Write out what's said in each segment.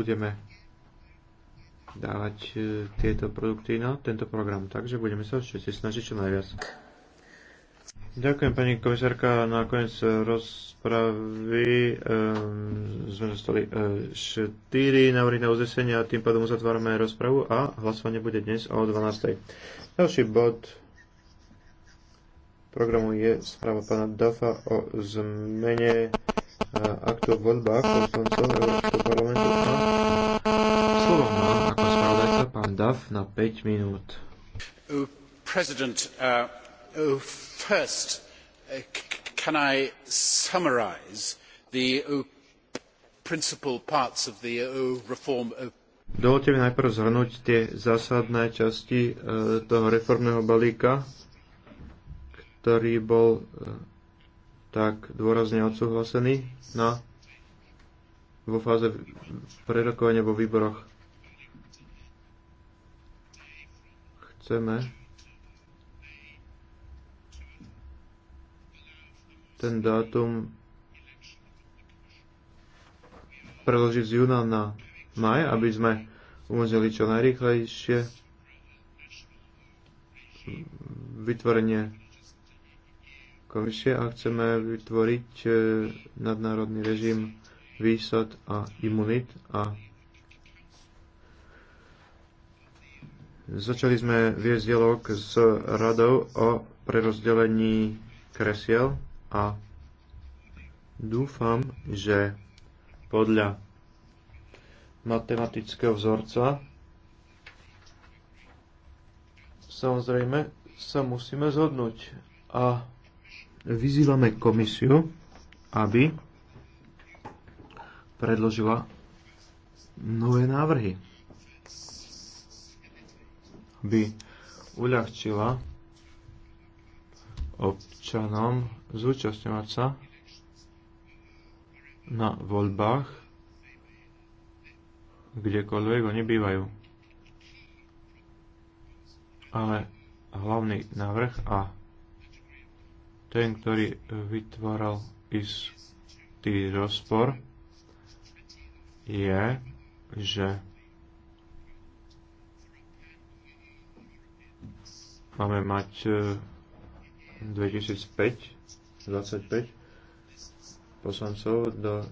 budeme dávať e, tieto produkty na tento program. Takže budeme sa všetci snažiť čo najviac. Ďakujem pani komisárka. Nakoniec rozpravy um, sme dostali um, e, 4 návrhy na uznesenie a tým pádom uzatvárame rozpravu a hlasovanie bude dnes o 12. Ďalší bod programu je správa pána Dafa o zmene aktu o voľbách poslancov Európskeho parlamentu Duff na 5 minút. Uh, uh, uh, first, can I summarize the principal parts of the reform of Dovolte mi najprv zhrnúť tie zásadné časti toho reformného balíka, ktorý bol tak dôrazne odsúhlasený na, vo fáze prerokovania vo výboroch. chceme ten dátum preložiť z júna na maj, aby sme umožnili čo najrýchlejšie vytvorenie komisie a chceme vytvoriť eh, nadnárodný režim výsad a imunit a Začali sme viesť dialog s radou o prerozdelení kresiel a dúfam, že podľa matematického vzorca samozrejme sa musíme zhodnúť a vyzývame komisiu, aby predložila nové návrhy by uľahčila občanom zúčastňovať sa na voľbách, kdekoľvek oni bývajú. Ale hlavný návrh a ten, ktorý vytváral istý rozpor, je, že máme mať 2005, e, 25 poslancov do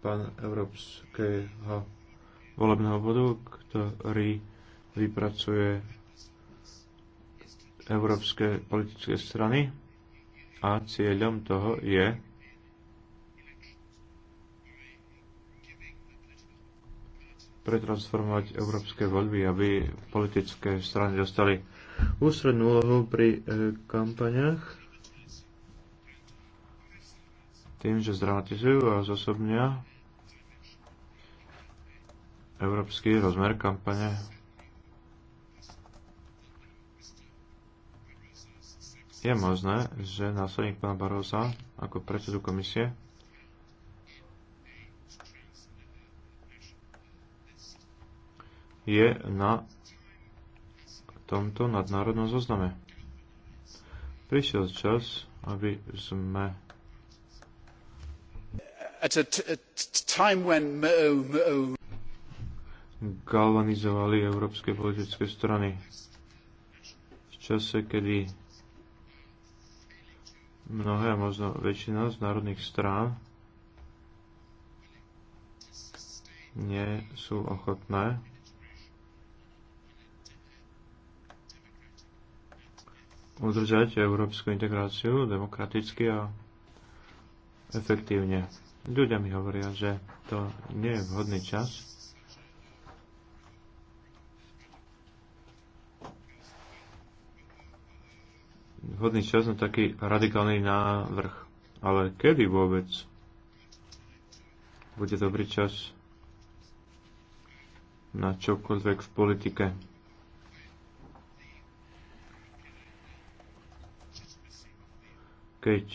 pán Európskeho volebného bodu, ktorý vypracuje európske politické strany a cieľom toho je pretransformovať európske voľby, aby politické strany dostali ústrednú úlohu pri e, kampaniach tým, že zdramatizujú a zosobňa európsky rozmer kampane. Je možné, že následník pána Barosa ako predsedu komisie je na tomto nadnárodnom zozname. Prišiel čas, aby sme galvanizovali európske politické strany v čase, kedy mnohé a možno väčšina z národných strán nie sú ochotné udržať európsku integráciu demokraticky a efektívne. Ľudia mi hovoria, že to nie je vhodný čas. Vhodný čas na taký radikálny návrh. Ale kedy vôbec bude dobrý čas na čokoľvek v politike? keď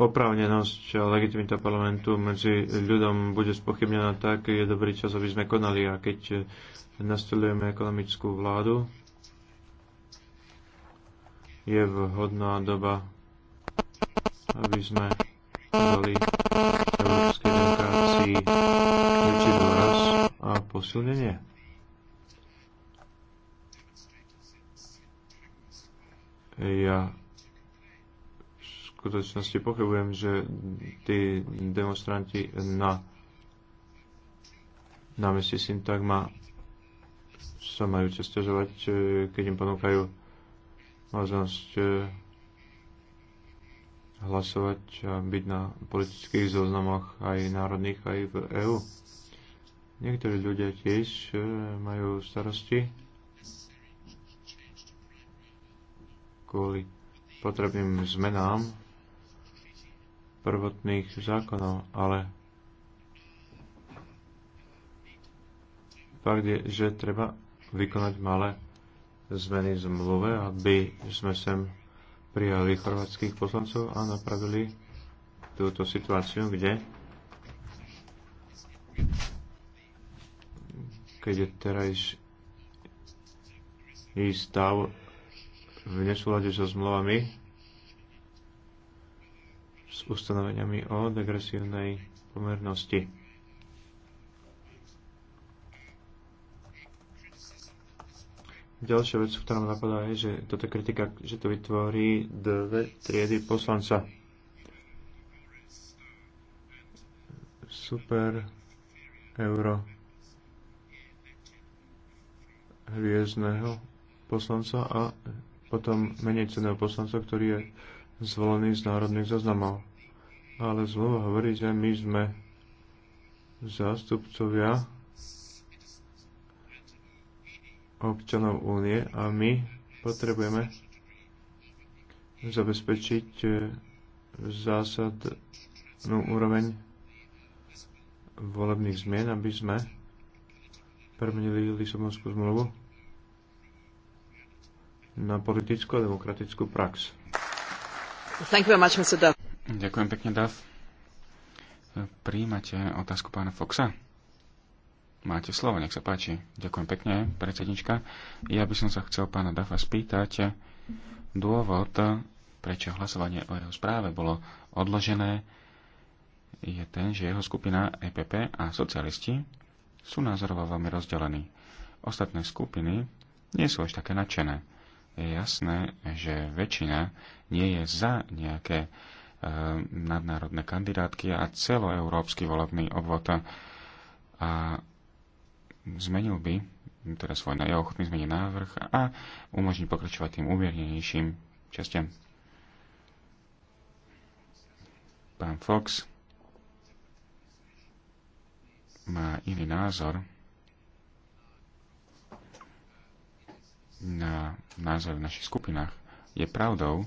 oprávnenosť a legitimita parlamentu medzi ľuďom bude spochybnená tak, je dobrý čas, aby sme konali. A keď nastolujeme ekonomickú vládu, je vhodná doba, aby sme dali európskej demokracii väčší dôraz a posilnenie. Ja v skutočnosti pochybujem, že tí demonstranti na námestí Syntagma sa majú čo stiažovať, e, keď im ponúkajú možnosť e, hlasovať a byť na politických zoznamoch aj národných, aj v EÚ. Niektorí ľudia tiež e, majú starosti kvôli potrebným zmenám prvotných zákonov, ale fakt je, že treba vykonať malé zmeny v zmluve, aby sme sem prijali chorvatských poslancov a napravili túto situáciu, kde keď je teraz i stav v nesúlade so zmluvami s ustanoveniami o degresívnej pomernosti. Ďalšia vec, ktorá ma napadá, je, že toto kritika, že to vytvorí dve triedy poslanca. Super euro hviezdného poslanca a potom menej ceného poslanca, ktorý je zvolený z národných zoznamov. Ale zmluva hovorí, že my sme zástupcovia občanov únie a my potrebujeme zabezpečiť eh, zásadnú úroveň volebných zmien, aby sme premenili Lisabonskú zmluvu na politickú a demokratickú prax. Much, Ďakujem pekne, Duff. Príjmate otázku pána Foxa? Máte slovo, nech sa páči. Ďakujem pekne, predsednička. Ja by som sa chcel pána Dafa spýtať dôvod, prečo hlasovanie o jeho správe bolo odložené, je ten, že jeho skupina EPP a socialisti sú názorovo veľmi rozdelení. Ostatné skupiny nie sú až také nadšené je jasné, že väčšina nie je za nejaké e, nadnárodné kandidátky a celoeurópsky volebný obvod. A zmenil by teda svoj jeho ochotný zmeniť návrh a umožní pokračovať tým umiernenejším častiam. Pán Fox má iný názor na názor v našich skupinách. Je pravdou,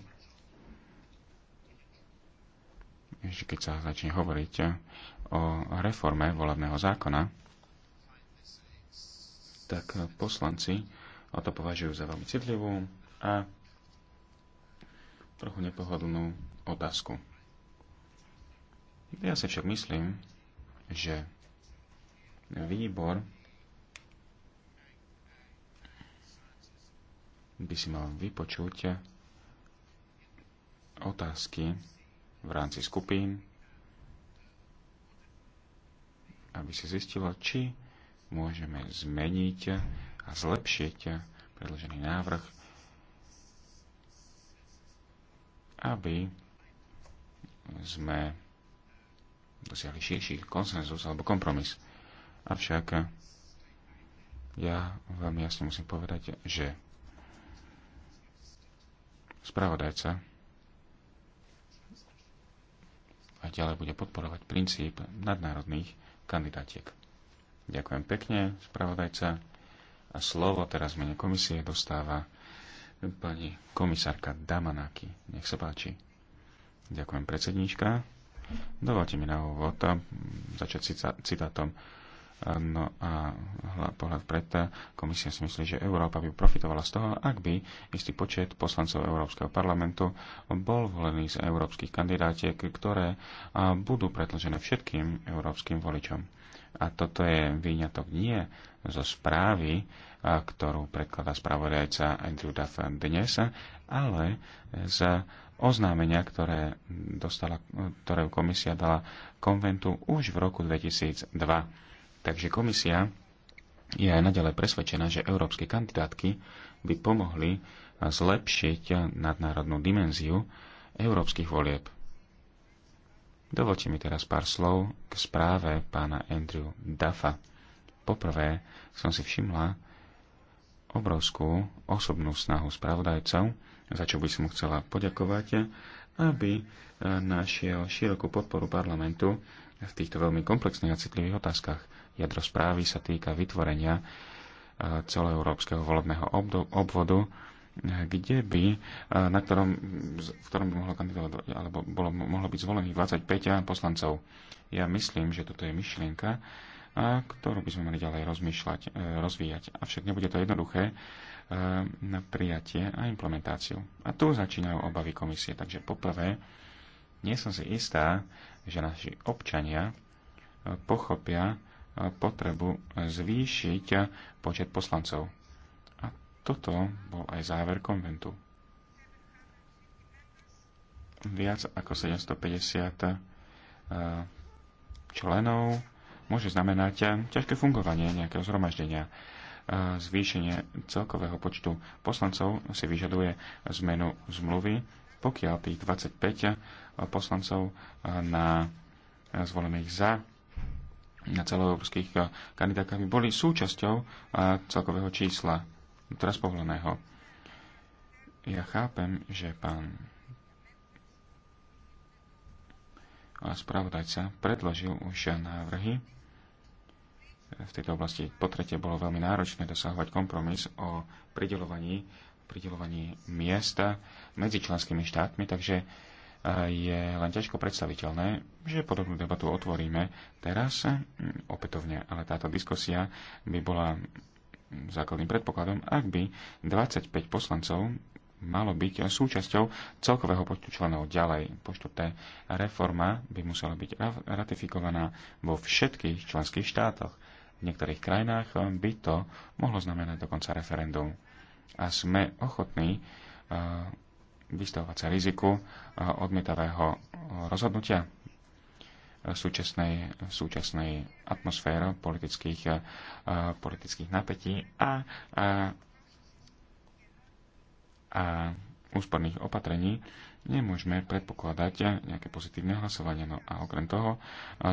že keď sa začne hovoriť o reforme volebného zákona, tak poslanci o to považujú za veľmi citlivú a trochu nepohodlnú otázku. Ja si však myslím, že výbor by si mal vypočuť otázky v rámci skupín, aby si zistilo, či môžeme zmeniť a zlepšiť predložený návrh, aby sme dosiahli širší konsenzus alebo kompromis. Avšak ja veľmi jasne musím povedať, že spravodajca a ďalej bude podporovať princíp nadnárodných kandidátiek. Ďakujem pekne, spravodajca. A slovo teraz mene komisie dostáva pani komisárka Damanaki. Nech sa páči. Ďakujem, predsedníčka. Dovolte mi na úvod začať citátom No a pohľad preto, komisia si myslí, že Európa by profitovala z toho, ak by istý počet poslancov Európskeho parlamentu bol volený z európskych kandidátiek, ktoré budú predložené všetkým európskym voličom. A toto je výňatok nie zo správy, ktorú predkladá spravodajca Andrew Duff dnes, ale z oznámenia, ktoré, dostala, ktoré komisia dala konventu už v roku 2002 Takže komisia je aj naďalej presvedčená, že európske kandidátky by pomohli zlepšiť nadnárodnú dimenziu európskych volieb. Dovolte mi teraz pár slov k správe pána Andrew Duffa. Poprvé som si všimla obrovskú osobnú snahu spravodajcov, za čo by som chcela poďakovať, aby našiel širokú podporu parlamentu v týchto veľmi komplexných a citlivých otázkach. Jadro správy sa týka vytvorenia e, celoeurópskeho volebného obvodu, kde by, e, na ktorom, v ktorom by mohlo kandidovať, alebo bolo, mohlo byť zvolených 25 e, poslancov. Ja myslím, že toto je myšlienka, a ktorú by sme mali ďalej rozmýšľať, rozvíjať. Avšak nebude to jednoduché na prijatie a implementáciu. A tu začínajú obavy komisie. Takže poprvé, nie som si istá, že naši občania pochopia potrebu zvýšiť počet poslancov. A toto bol aj záver konventu. Viac ako 750 e, členov môže znamenať ťažké fungovanie nejakého zhromaždenia. E, zvýšenie celkového počtu poslancov si vyžaduje zmenu zmluvy, pokiaľ tých 25 poslancov e, na zvolených za na celoeurópskych eh, kandidátkach by boli súčasťou eh, celkového čísla teraz povoleného. Ja chápem, že pán spravodajca predložil už návrhy. V tejto oblasti po tretie bolo veľmi náročné dosahovať kompromis o pridelovaní, pridelovaní miesta medzi členskými štátmi, takže je len ťažko predstaviteľné, že podobnú debatu otvoríme teraz mm, opätovne, ale táto diskusia by bola základným predpokladom, ak by 25 poslancov malo byť súčasťou celkového počtu členov ďalej. Po T. reforma by musela byť ratifikovaná vo všetkých členských štátoch. V niektorých krajinách by to mohlo znamenať dokonca referendum. A sme ochotní eh, vystavovať sa riziku eh, odmietavého eh, rozhodnutia eh, súčasnej, súčasnej atmosféry politických, politických napätí a, a, a úsporných opatrení nemôžeme predpokladať nejaké pozitívne hlasovanie. No a okrem toho,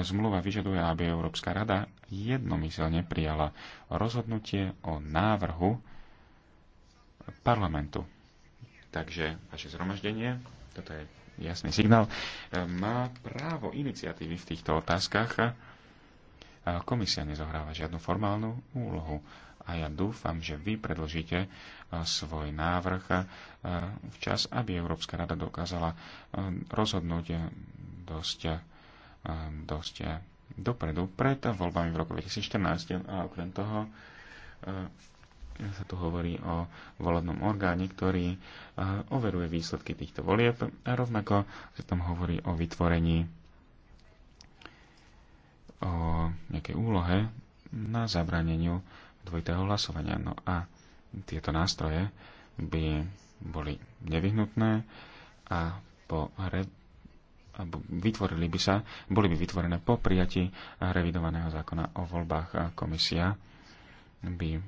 zmluva vyžaduje, aby Európska rada jednomyselne prijala rozhodnutie o návrhu parlamentu. Takže vaše zhromaždenie, toto je jasný signál, e, má právo iniciatívy v týchto otázkach. Komisia nezohráva žiadnu formálnu úlohu a ja dúfam, že vy predložíte e, svoj návrh e, včas, aby Európska rada dokázala rozhodnúť dosť, dosť dopredu pred voľbami v roku 2014 a okrem toho sa tu hovorí o volebnom orgáne, ktorý e, overuje výsledky týchto volieb a rovnako sa tam hovorí o vytvorení o nejakej úlohe na zabraneniu dvojitého hlasovania. No a tieto nástroje by boli nevyhnutné a po re, vytvorili by sa, boli by vytvorené po prijati revidovaného zákona o voľbách a komisia by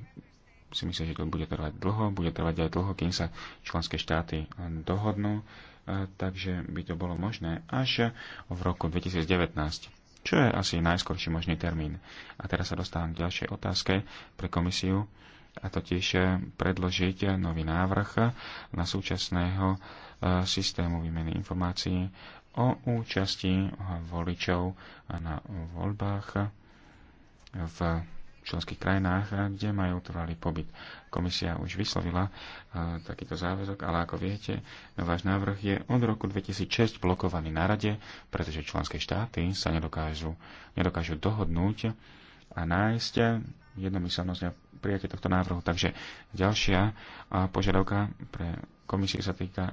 si myslím, že to bude trvať dlho, bude trvať aj dlho, kým sa členské štáty dohodnú, e, takže by to bolo možné až v roku 2019 čo je asi najskorší možný termín. A teraz sa dostávam k ďalšej otázke pre komisiu, a totiž e, predložiť nový návrh na súčasného e, systému výmeny informácií o účasti voličov na voľbách v členských krajinách, kde majú trvalý pobyt. Komisia už vyslovila e, takýto záväzok, ale ako viete, váš návrh je od roku 2006 blokovaný na rade, pretože členské štáty sa nedokážu, nedokážu dohodnúť a nájsť jednomyselnosť a prijatie tohto návrhu. Takže ďalšia požiadavka pre komisiu sa týka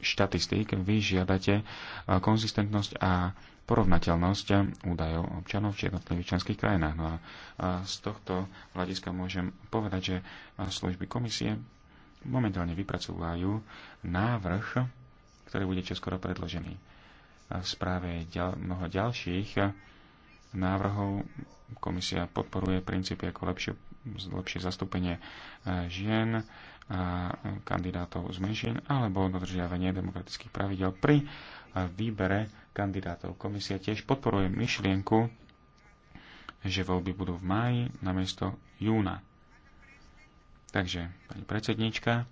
štatistík vy žiadate e, konzistentnosť a porovnateľnosť údajov občanov v jednotlivých členských krajinách. No a e, z tohto hľadiska môžem povedať, že e, služby komisie momentálne vypracúvajú návrh, ktorý bude čoskoro predložený. V správe ďal, mnoho ďalších návrhov komisia podporuje princípy ako lepšie, lepšie zastúpenie žien, kandidátov z menšin alebo dodržiavanie demokratických pravidel pri výbere kandidátov. Komisia tiež podporuje myšlienku, že voľby budú v máji namiesto júna. Takže, pani predsednička,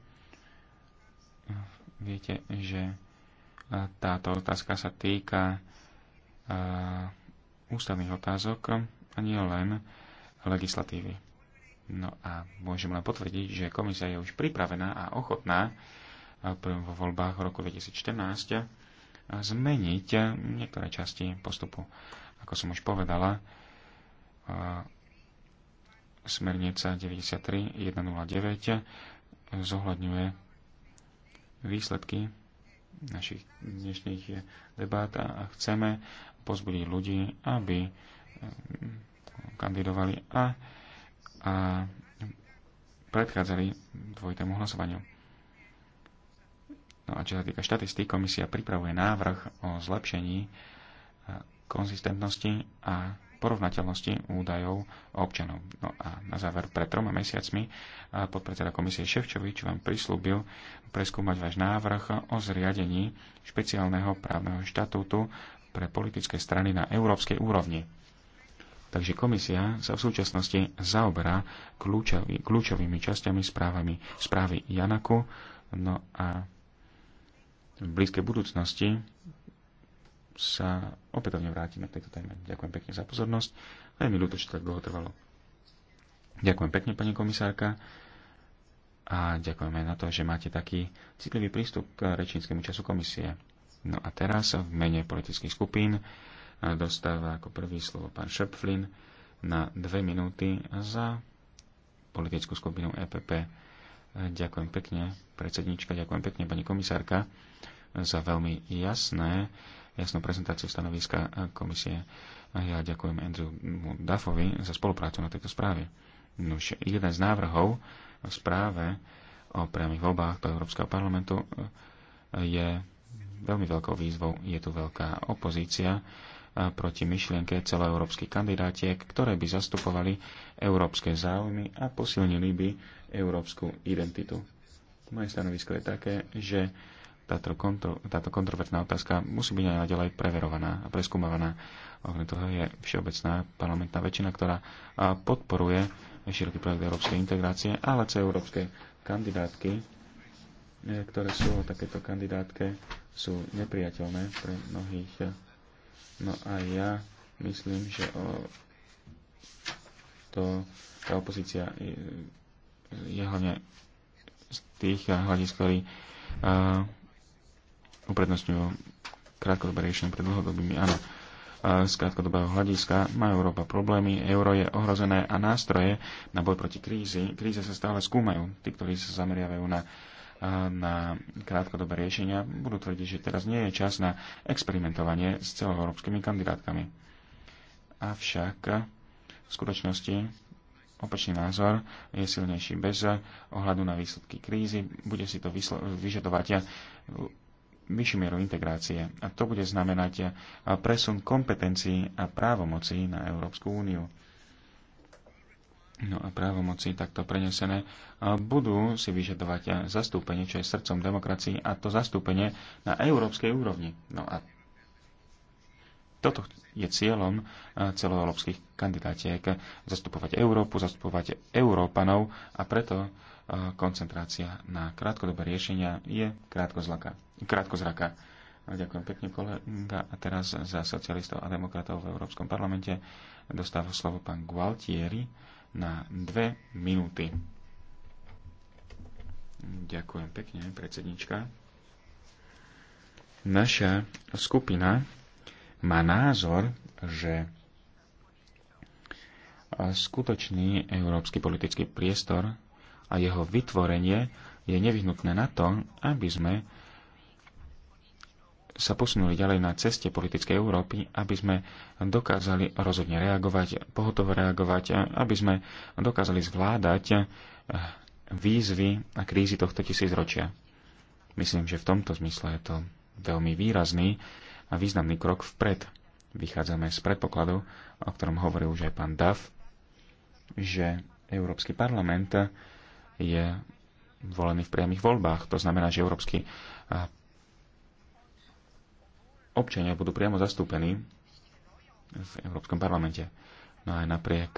viete, že táto otázka sa týka ústavných otázok a nie len legislatívy. No a môžem len potvrdiť, že komisia je už pripravená a ochotná eh, vo voľbách roku 2014 eh, zmeniť eh, niektoré časti postupu. Ako som už povedala, smernica 93.109 zohľadňuje výsledky našich dnešných debát a chceme pozbudiť ľudí, aby kandidovali a a predchádzali dvojitému hlasovaniu. No a čo sa týka štatistík, komisia pripravuje návrh o zlepšení e, konzistentnosti a porovnateľnosti údajov občanov. No a na záver, pred troma mesiacmi e, podpredseda komisie Ševčovič vám prislúbil preskúmať váš návrh o zriadení špeciálneho právneho štatútu pre politické strany na európskej úrovni. Takže komisia sa v súčasnosti zaoberá kľúčový, kľúčovými časťami správami, správy Janaku. No a v blízkej budúcnosti sa opätovne vrátime k tejto téme. Ďakujem pekne za pozornosť. Veľmi ľúto, že tak dlho trvalo. Ďakujem pekne, pani komisárka. A ďakujeme na to, že máte taký citlivý prístup k rečníckému času komisie. No a teraz v mene politických skupín dostáva ako prvý slovo pán Šepflin na dve minúty za politickú skupinu EPP. Ďakujem pekne, predsednička, ďakujem pekne, pani komisárka, za veľmi jasné, jasnú prezentáciu stanoviska komisie. A ja ďakujem Andrew Duffovi za spoluprácu na tejto správe. Nož jeden z návrhov v správe o priamých voľbách do Európskeho parlamentu e, je veľmi veľkou výzvou. Je tu veľká opozícia proti myšlienke celoeurópskych kandidátiek, ktoré by zastupovali európske záujmy a posilnili by európsku identitu. Moje stanovisko je také, že táto, kontro, táto kontroverzná otázka musí byť aj naďalej preverovaná a preskúmavaná. Okrem toho je všeobecná parlamentná väčšina, ktorá podporuje široký projekt európskej integrácie, ale cez európske kandidátky, e, ktoré sú o takéto kandidátke, sú nepriateľné pre mnohých e, No a ja myslím, že o to tá opozícia je, je hlavne z tých eh, hľadisk, ktorí uh, uprednostňujú krátkodobé riešenie pred dlhodobými. Áno, uh, z krátkodobého hľadiska má Európa problémy, euro je ohrozené a nástroje na boj proti krízi. Kríze sa stále skúmajú. Tí, ktorí sa zameriavajú na uh, na krátkodobé riešenia, budú tvrdiť, že teraz nie je čas na experimentovanie s celoeurópskymi kandidátkami. Avšak v skutočnosti opačný názor je silnejší bez ohľadu na výsledky krízy, bude si to vyžadovať vyššiu mieru integrácie a to bude znamenať presun kompetencií a právomocí na Európsku úniu No a právomoci takto prenesené e, budú si vyžadovať zastúpenie, čo je srdcom demokracii, a to zastúpenie na európskej úrovni. No a toto je cieľom e, celoeurópskych kandidátiek zastupovať Európu, zastupovať Európanov a preto e, koncentrácia na krátkodobé riešenia je krátkozraka. krátkozraka. Ďakujem pekne, kolega. A teraz za socialistov a demokratov v Európskom parlamente dostáva slovo pán Gualtieri na dve minúty. Ďakujem pekne, predsednička. Naša skupina má názor, že skutočný európsky politický priestor a jeho vytvorenie je nevyhnutné na to, aby sme sa posunuli ďalej na ceste politickej Európy, aby sme dokázali rozhodne reagovať, pohotovo reagovať, aby sme dokázali zvládať eh, výzvy a krízy tohto tisícročia. Myslím, že v tomto zmysle je to veľmi výrazný a významný krok vpred. Vychádzame z predpokladu, o ktorom hovoril už aj pán Duff, že Európsky parlament je volený v priamých voľbách. To znamená, že Európsky eh, občania budú priamo zastúpení v Európskom parlamente. No aj napriek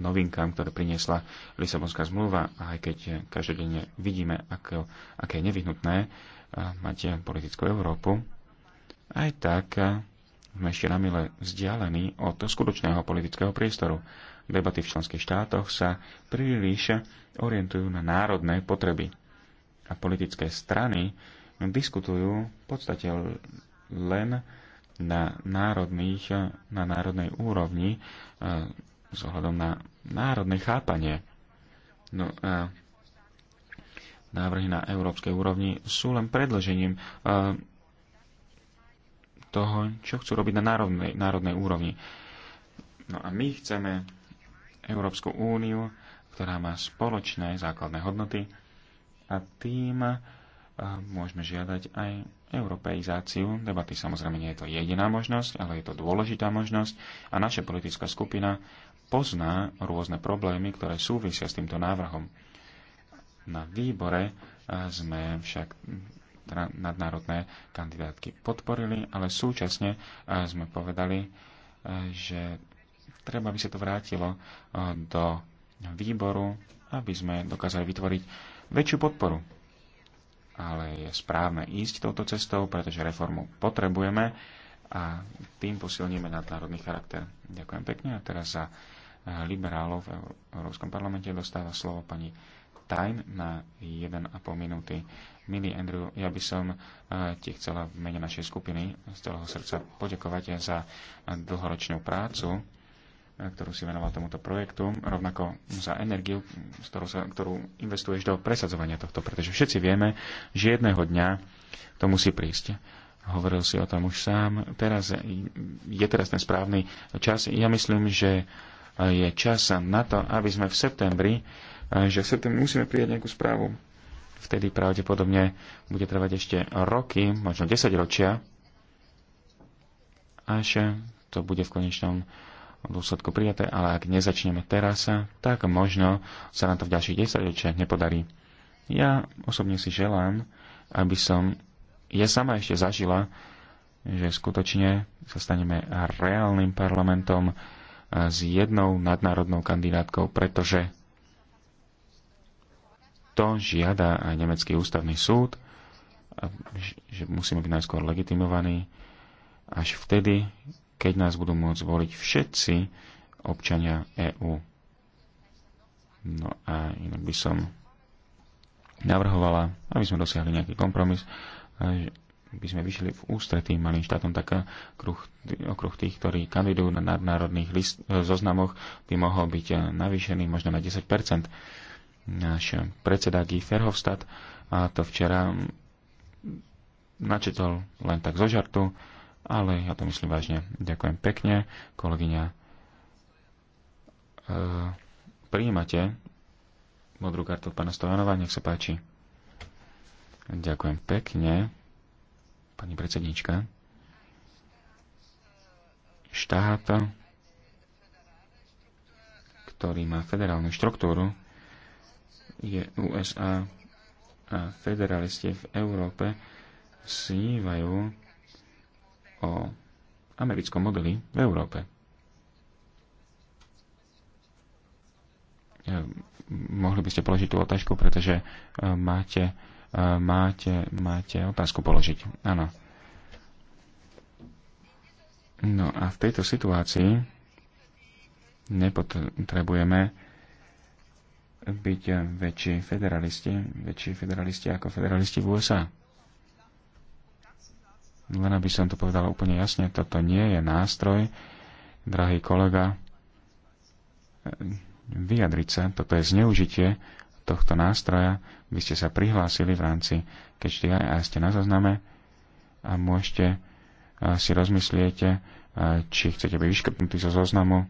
novinkám, ktoré priniesla Lisabonská zmluva, aj keď každodenne vidíme, ako, aké je nevyhnutné mať politickú Európu, aj tak sme ešte na mile vzdialení od skutočného politického priestoru. Debaty v členských štátoch sa príliš orientujú na národné potreby a politické strany diskutujú v podstate len na, národných, na národnej úrovni eh, s ohľadom na národné chápanie. No a návrhy na európskej úrovni sú len predlžením eh, toho, čo chcú robiť na národnej, národnej úrovni. No a my chceme Európsku úniu, ktorá má spoločné základné hodnoty a tým môžeme žiadať aj europeizáciu debaty. Samozrejme, nie je to jediná možnosť, ale je to dôležitá možnosť a naša politická skupina pozná rôzne problémy, ktoré súvisia s týmto návrhom. Na výbore sme však nadnárodné kandidátky podporili, ale súčasne sme povedali, že treba by sa to vrátilo do výboru, aby sme dokázali vytvoriť väčšiu podporu ale je správne ísť touto cestou, pretože reformu potrebujeme a tým posilníme nadnárodný charakter. Ďakujem pekne a teraz za eh, liberálov v Európskom parlamente dostáva slovo pani Tajn na 1,5 minúty. Milý Andrew, ja by som eh, ti chcela v mene našej skupiny z celého srdca poďakovať za dlhoročnú prácu ktorú si venoval tomuto projektu, rovnako za energiu, s sa, ktorú investuješ do presadzovania tohto, pretože všetci vieme, že jedného dňa to musí prísť. Hovoril si o tom už sám. Teraz je teraz ten správny čas. Ja myslím, že je čas na to, aby sme v septembri, že v septembri musíme prijať nejakú správu. Vtedy pravdepodobne bude trvať ešte roky, možno 10 ročia, až to bude v konečnom dôsledku prijaté, ale ak nezačneme teraz, tak možno sa nám to v ďalších 10 ročiach nepodarí. Ja osobne si želám, aby som ja sama ešte zažila, že skutočne sa staneme reálnym parlamentom eh, s jednou nadnárodnou kandidátkou, pretože to žiada aj Nemecký ústavný súd, že musíme byť najskôr legitimovaní až vtedy, keď nás budú môcť voliť všetci občania EÚ. No a inak by som navrhovala, aby sme dosiahli nejaký kompromis, že by sme vyšli v ústretí malým štátom taká kruh, okruh tých, ktorí kandidujú na nadnárodných list, e, zoznamoch, by mohol byť e, navýšený možno na 10 Náš predseda Guy Verhofstadt a to včera načetol len tak zo žartu, ale ja to myslím vážne. Ďakujem pekne, kolegyňa. E, prijímate modrú kartu pána Stojanova, nech sa páči. Ďakujem pekne, pani predsednička. Štát, ktorý má federálnu štruktúru, je USA a federalisti v Európe snívajú o americkom modeli v Európe. Mohli by ste položiť tú otázku, pretože e, máte, e, máte, máte otázku položiť. Áno. No a v tejto situácii nepotrebujeme byť väčší federalisti, väčší federalisti ako federalisti v USA. Len aby som to povedal úplne jasne, toto nie je nástroj, drahý kolega, vyjadriť sa, toto je zneužitie tohto nástroja. Vy ste sa prihlásili v rámci keď a ste na zozname a môžete e, si rozmyslieť, e, či chcete byť vyškrtnutí zo zoznamu.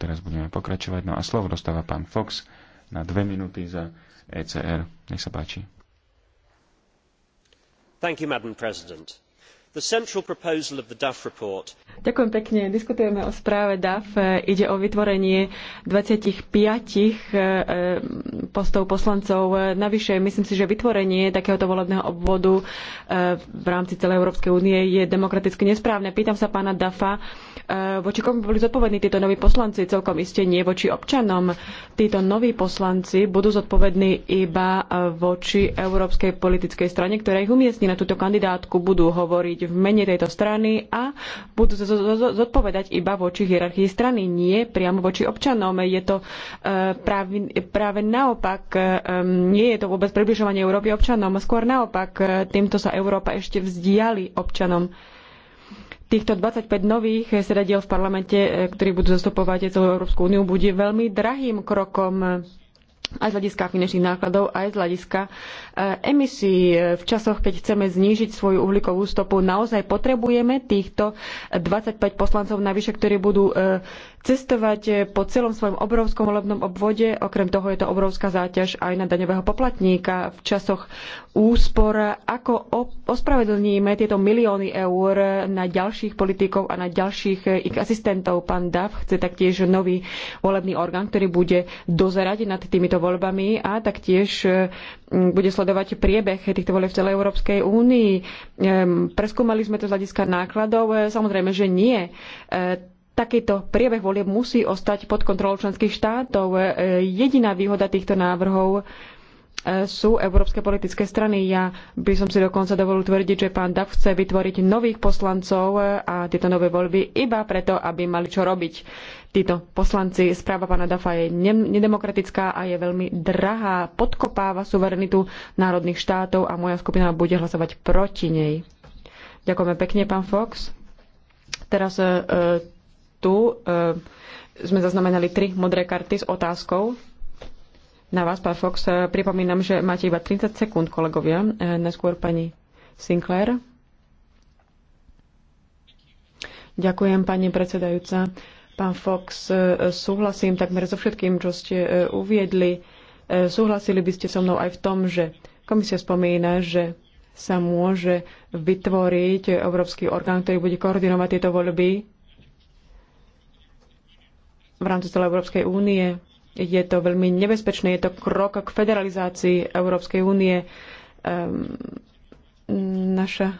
Teraz budeme pokračovať. No a slovo dostáva pán Fox na dve minúty za ECR. Nech sa páči. Thank you, Madam President Ďakujem pekne. Diskutujeme o správe DAF. Ide o vytvorenie 25 eh, postov poslancov. Navyše, myslím si, že vytvorenie takéhoto volebného obvodu eh, v rámci celej Európskej únie je demokraticky nesprávne. Pýtam sa pána Dafa, eh, voči komu boli zodpovední títo noví poslanci? Celkom iste nie voči občanom. Títo noví poslanci budú zodpovední iba voči Európskej politickej strane, ktorá ich umiestni na túto kandidátku. Budú hovoriť v mene tejto strany a budú sa zodpovedať iba voči hierarchii strany, nie priamo voči občanom. Je to e, práve, práve naopak, e, nie je to vôbec približovanie Európy občanom, skôr naopak, e, týmto sa Európa ešte vzdiali občanom týchto 25 nových sedadiel v parlamente, ktorí budú zastupovať celú Európsku úniu, bude veľmi drahým krokom aj z hľadiska finančných nákladov, aj z hľadiska eh, emisí. V časoch, keď chceme znížiť svoju uhlíkovú stopu, naozaj potrebujeme týchto 25 poslancov navyše, ktorí budú eh, cestovať eh, po celom svojom obrovskom volebnom obvode. Okrem toho je to obrovská záťaž aj na daňového poplatníka v časoch úspor. Ako ospravedlníme tieto milióny eur na ďalších politikov a na ďalších eh, ich asistentov? Pán Dav chce taktiež nový volebný orgán, ktorý bude dozerať nad týmito voľbami a taktiež eh, bude sledovať priebeh týchto volieb v celej Európskej únii. Ehm, preskúmali sme to z hľadiska nákladov. Samozrejme, že nie Takýto priebeh volieb musí ostať pod kontrolou členských štátov. E, jediná výhoda týchto návrhov e, sú európske politické strany. Ja by som si dokonca dovolil tvrdiť, že pán Duff chce vytvoriť nových poslancov e, a tieto nové voľby iba preto, aby mali čo robiť títo poslanci. Správa pána Dafa je nedemokratická a je veľmi drahá, podkopáva suverenitu národných štátov a moja skupina bude hlasovať proti nej. Ďakujeme pekne, pán Fox. Teraz tu eh, sme zaznamenali tri modré karty s otázkou. Na vás, pán Fox, eh, pripomínam, že máte iba 30 sekúnd, kolegovia. Eh, neskôr pani Sinclair. Ďakujem, pani predsedajúca. Pán Fox, súhlasím takmer so všetkým, čo ste uviedli. Súhlasili by ste so mnou aj v tom, že komisia spomína, že sa môže vytvoriť európsky orgán, ktorý bude koordinovať tieto voľby v rámci celej Európskej únie. Je to veľmi nebezpečné, je to krok k federalizácii Európskej únie. Ehm, naša,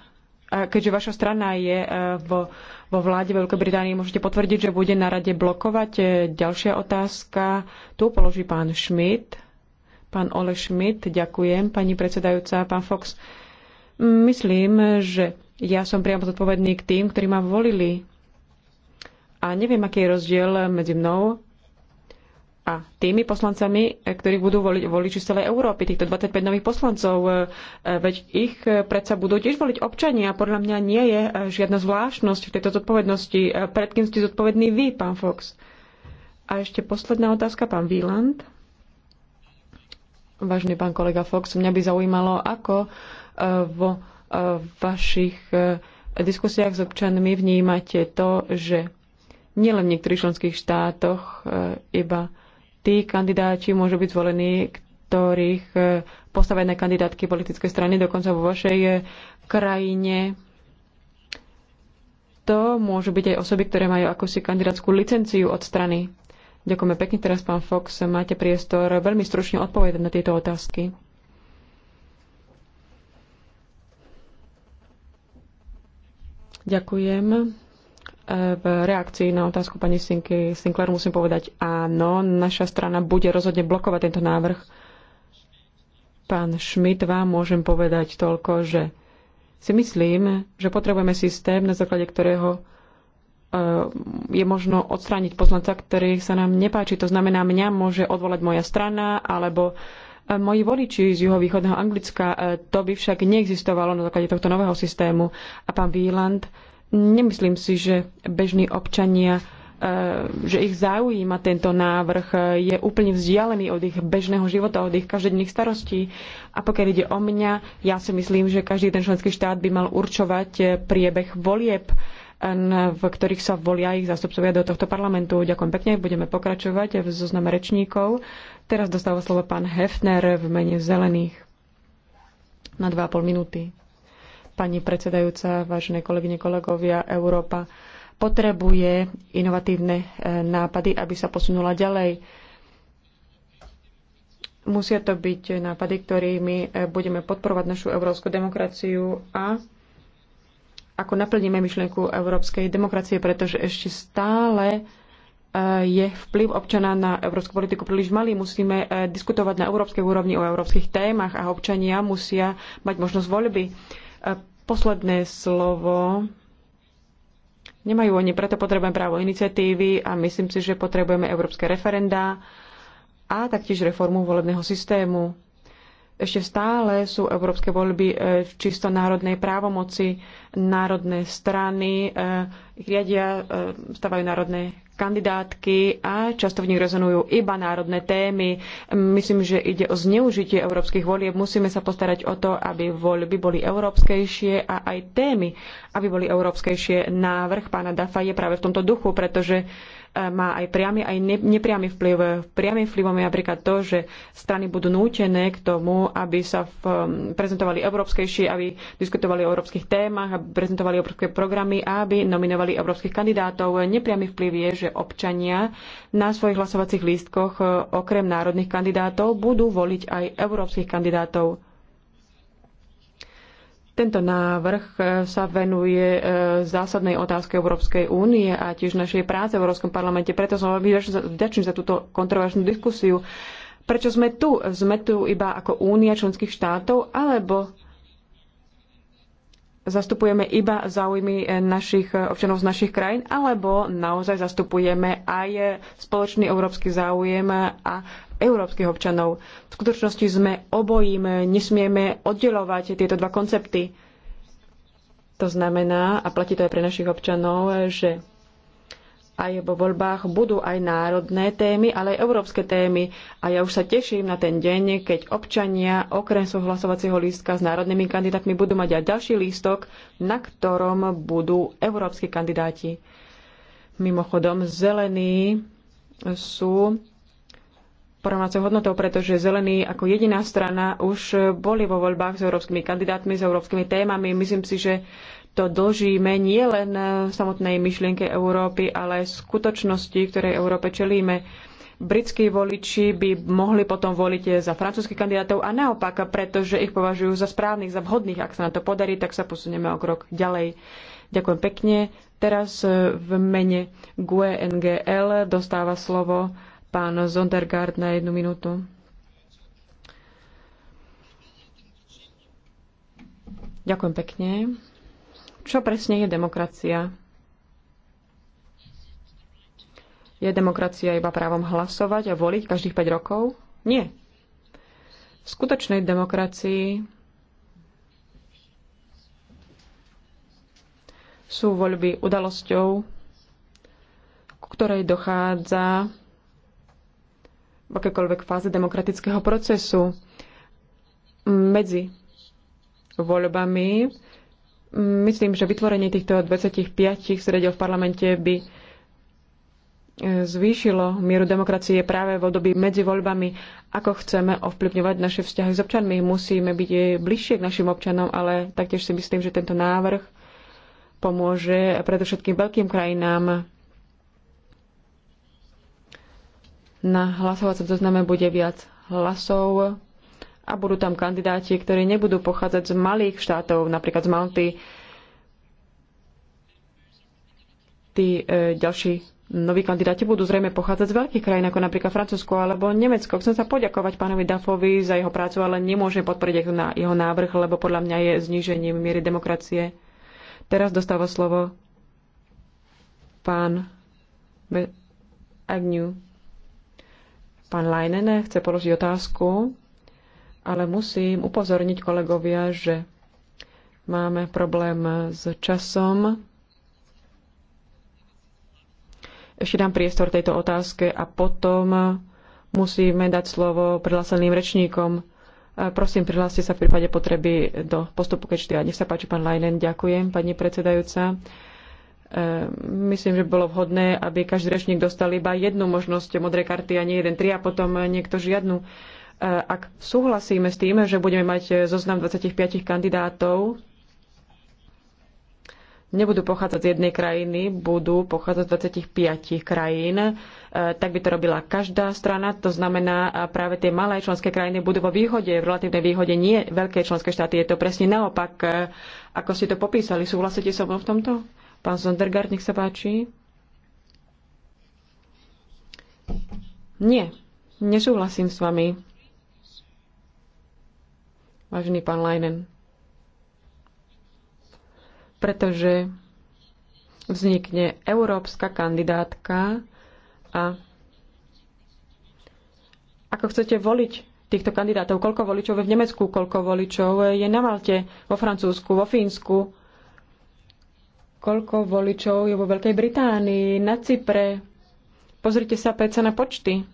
a keďže vaša strana je e, vo, vo vláde Veľkej Británie, môžete potvrdiť, že bude na rade blokovať. E, ďalšia otázka tu položí pán Schmidt. Pán Ole Schmidt, ďakujem. Pani predsedajúca, pán Fox, myslím, že ja som priamo zodpovedný k tým, ktorí ma volili a neviem, aký je rozdiel medzi mnou a tými poslancami, ktorí budú voliť voliči z celej Európy, týchto 25 nových poslancov, e, veď ich e, predsa budú tiež voliť občania. a Podľa mňa nie je e, žiadna zvláštnosť v tejto zodpovednosti. Pred kým ste zodpovední vy, pán Fox? A ešte posledná otázka, pán Wieland. Vážny pán kolega Fox, mňa by zaujímalo, ako vo vašich diskusiách s občanmi vnímate to, že nielen v niektorých členských štátoch e, iba tí kandidáti môžu byť zvolení, ktorých e, postavené kandidátky politickej strany, dokonca vo vašej e, krajine. To môžu byť aj osoby, ktoré majú akúsi kandidátskú licenciu od strany. Ďakujeme pekne. Teraz, pán Fox, máte priestor veľmi stručne odpovedať na tieto otázky. Ďakujem v reakcii na otázku pani Sinclair musím povedať áno, naša strana bude rozhodne blokovať tento návrh. Pán Schmidt, vám môžem povedať toľko, že si myslím, že potrebujeme systém, na základe ktorého eh, je možno odstrániť poslanca, ktorý sa nám nepáči. To znamená, mňa môže odvolať moja strana alebo eh, moji voliči z juhovýchodného Anglicka. Eh, to by však neexistovalo na základe tohto nového systému. A pán Wieland, Nemyslím si, že bežní občania e, že ich zaujíma tento návrh, je úplne vzdialený od ich bežného života, od ich každodenných starostí. A pokiaľ ide o mňa, ja si myslím, že každý ten členský štát by mal určovať e, priebeh volieb, v ktorých sa volia ich zastupcovia do tohto parlamentu. Ďakujem pekne, budeme pokračovať v zozname rečníkov. Teraz dostáva slovo pán Hefner v mene zelených na 2,5 minúty pani predsedajúca, vážené kolegyne, kolegovia, Európa potrebuje inovatívne e, nápady, aby sa posunula ďalej. Musia to byť nápady, ktorými e, budeme podporovať našu európsku demokraciu a ako naplníme myšlienku európskej demokracie, pretože ešte stále e, je vplyv občana na európsku politiku príliš malý. Musíme diskutovať na európskej úrovni o európskych témach a občania musia mať možnosť voľby posledné slovo nemajú oni, preto potrebujeme právo iniciatívy a myslím si, že potrebujeme európske referenda a taktiež reformu volebného systému. Ešte stále sú európske voľby e, v čisto národnej právomoci. Národné strany e, riadia, e, stavajú národné kandidátky a často v nich rezonujú iba národné témy. Myslím, že ide o zneužitie európskych volieb. Musíme sa postarať o to, aby voľby boli európskejšie a aj témy, aby boli európskejšie. Návrh pána Dafa je práve v tomto duchu, pretože má aj priamy, aj nepriamy vplyv. Priamy vplyvom je napríklad to, že strany budú nútené k tomu, aby sa v, um, prezentovali európskejšie, aby diskutovali o európskych témach, aby prezentovali európske programy a aby nominovali európskych kandidátov. Nepriamy vplyv je, že občania na svojich hlasovacích lístkoch uh, okrem národných kandidátov budú voliť aj európskych kandidátov. Tento návrh e, sa venuje e, zásadnej otázke Európskej únie a tiež našej práce v Európskom parlamente. Preto som veľmi vďačný za túto kontroverznú diskusiu. Prečo sme tu? Sme tu iba ako únia členských štátov, alebo zastupujeme iba záujmy e, našich občanov z našich krajín, alebo naozaj zastupujeme aj spoločný európsky záujem a európskych občanov. V skutočnosti sme obojím, nesmieme oddelovať tieto dva koncepty. To znamená, a platí to aj pre našich občanov, že aj vo voľbách budú aj národné témy, ale aj európske témy. A ja už sa teším na ten deň, keď občania okrem svojho hlasovacieho lístka s národnými kandidátmi budú mať aj ďalší lístok, na ktorom budú európsky kandidáti. Mimochodom, zelení sú porovnacou hodnotou, pretože zelení ako jediná strana už boli vo voľbách s európskymi kandidátmi, s európskymi témami. Myslím si, že to dlžíme nie len samotnej myšlienke Európy, ale skutočnosti, ktorej Európe čelíme. Britskí voliči by mohli potom voliť za francúzskych kandidátov a naopak, pretože ich považujú za správnych, za vhodných. Ak sa na to podarí, tak sa posunieme o krok ďalej. Ďakujem pekne. Teraz v mene GUE NGL dostáva slovo Pán Zondergaard na jednu minútu. Ďakujem pekne. Čo presne je demokracia? Je demokracia iba právom hlasovať a voliť každých 5 rokov? Nie. V skutočnej demokracii sú voľby udalosťou, ku ktorej dochádza v akékoľvek fáze demokratického procesu medzi voľbami. Myslím, že vytvorenie týchto 25 sredel v parlamente by e, zvýšilo mieru demokracie práve v období medzi voľbami. Ako chceme ovplyvňovať naše vzťahy s občanmi, musíme byť bližšie k našim občanom, ale taktiež si myslím, že tento návrh pomôže predovšetkým veľkým krajinám Na hlasovacom zozname bude viac hlasov a budú tam kandidáti, ktorí nebudú pochádzať z malých štátov, napríklad z Malty. Tí e, ďalší noví kandidáti budú zrejme pochádzať z veľkých krajín, ako napríklad Francúzsko alebo Nemecko. Chcem sa poďakovať pánovi Dafovi za jeho prácu, ale nemôžem podporiť jeho návrh, lebo podľa mňa je znížením miery demokracie. Teraz dostáva slovo pán Agnew. Pán Leinen chce položiť otázku, ale musím upozorniť kolegovia, že máme problém s časom. Ešte dám priestor tejto otázke a potom musíme dať slovo prihláseným rečníkom. Prosím, prihláste sa v prípade potreby do postupu keď Nech sa páči, pán Lajnen. Ďakujem, pani predsedajúca. Ehm, myslím, že bolo vhodné, aby každý rečník dostal iba jednu možnosť modrej karty a nie jeden tri a potom niekto žiadnu. Ehm, ak súhlasíme s tým, že budeme mať zoznam 25 kandidátov, nebudú pochádzať z jednej krajiny, budú pochádzať z 25 krajín. Ehm, tak by to robila každá strana, to znamená práve tie malé členské krajiny budú vo výhode, v relatívnej výhode, nie veľké členské štáty. Je to presne naopak, ako ste to popísali. Súhlasíte so mnou v tomto? Pán Zondergaard, nech sa páči. Nie, nesúhlasím s vami. Vážený pán Leinen. Pretože vznikne európska kandidátka a ako chcete voliť týchto kandidátov, koľko voličov je v Nemecku, koľko voličov je na Malte, vo Francúzsku, vo Fínsku, koľko voličov je vo Veľkej Británii, na Cypre. Pozrite sa predsa na počty.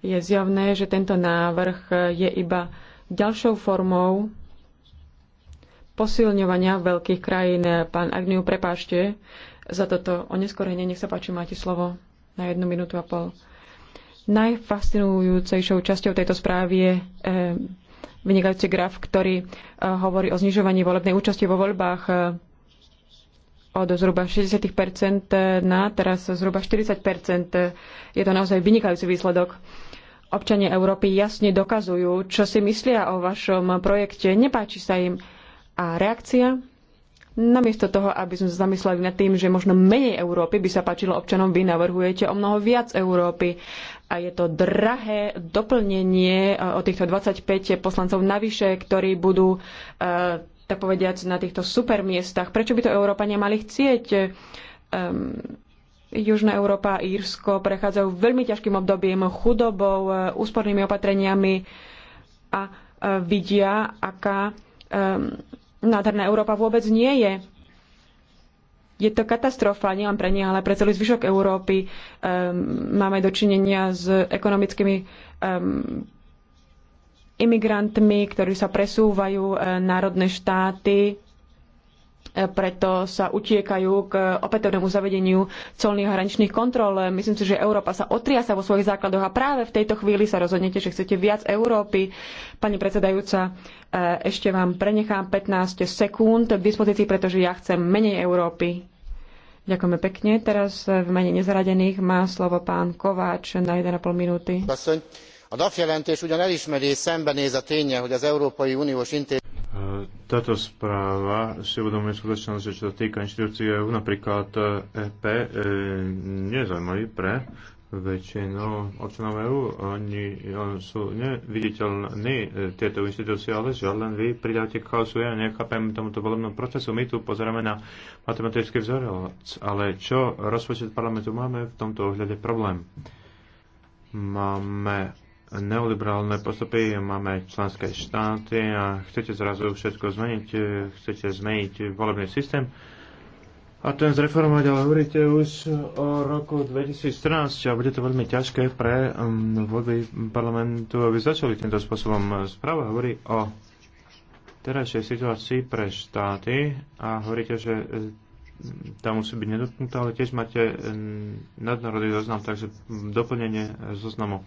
Je zjavné, že tento návrh je iba ďalšou formou posilňovania veľkých krajín. Pán Agniu, prepášte za toto oneskorenie. Nech sa páči, máte slovo na jednu minútu a pol. Najfascinujúcejšou časťou tejto správy je eh, vynikajúci graf, ktorý e, hovorí o znižovaní volebnej účasti vo voľbách e, od zhruba 60% na teraz zhruba 40%. Je to naozaj vynikajúci výsledok. Občania Európy jasne dokazujú, čo si myslia o vašom projekte. Nepáči sa im. A reakcia? Namiesto toho, aby sme sa zamysleli nad tým, že možno menej Európy by sa páčilo občanom, vy navrhujete o mnoho viac Európy a je to drahé doplnenie e, o týchto 25 poslancov navyše, ktorí budú e, tak povediať na týchto super miestach. Prečo by to Európa nemali chcieť? Um, Južná Európa a Írsko prechádzajú veľmi ťažkým obdobím, chudobou, úspornými opatreniami a vidia, aká um, nádherná Európa vôbec nie je. Je to katastrofa nielen pre nich, ale pre celý zvyšok Európy. Um, máme dočinenia s ekonomickými um, imigrantmi, ktorí sa presúvajú e, národné štáty, e, preto sa utiekajú k opätovnému zavedeniu colných hraničných kontrol. Myslím si, že Európa sa sa vo svojich základoch a práve v tejto chvíli sa rozhodnete, že chcete viac Európy. Pani predsedajúca, e, ešte vám prenechám 15 sekúnd k dispozícii, pretože ja chcem menej Európy. Ďakujeme pekne. Teraz v mene nezaradených má slovo pán Kováč na 1,5 minúty. A DAF jelentés ugyan elismeri és szembenéz a ténye, hogy az Európai Uniós intézmény táto správa si uvedomuje skutočnosť, že čo sa týka inštitúcií EU, napríklad EP, e, nie je zaujímavý pre väčšinou občanov EU, oni sú neviditeľní e, tieto inštitúcie, ale že len vy pridáte chaosu. Ja nechápem tomuto volebnom procesu. My tu pozeráme na matematický vzorec, ale čo rozpočet parlamentu máme v tomto ohľade problém? Máme neoliberálne postupy, máme členské štáty a chcete zrazu všetko zmeniť, chcete zmeniť volebný systém a ten zreformovať, ale hovoríte už o roku 2014 a bude to veľmi ťažké pre um, voľby parlamentu, aby začali týmto spôsobom. Správa hovorí o terajšej situácii pre štáty a hovoríte, že tam um, musí byť nedotknutá, ale tiež máte um, nadnárodný zoznam, takže doplnenie uh, zoznamu.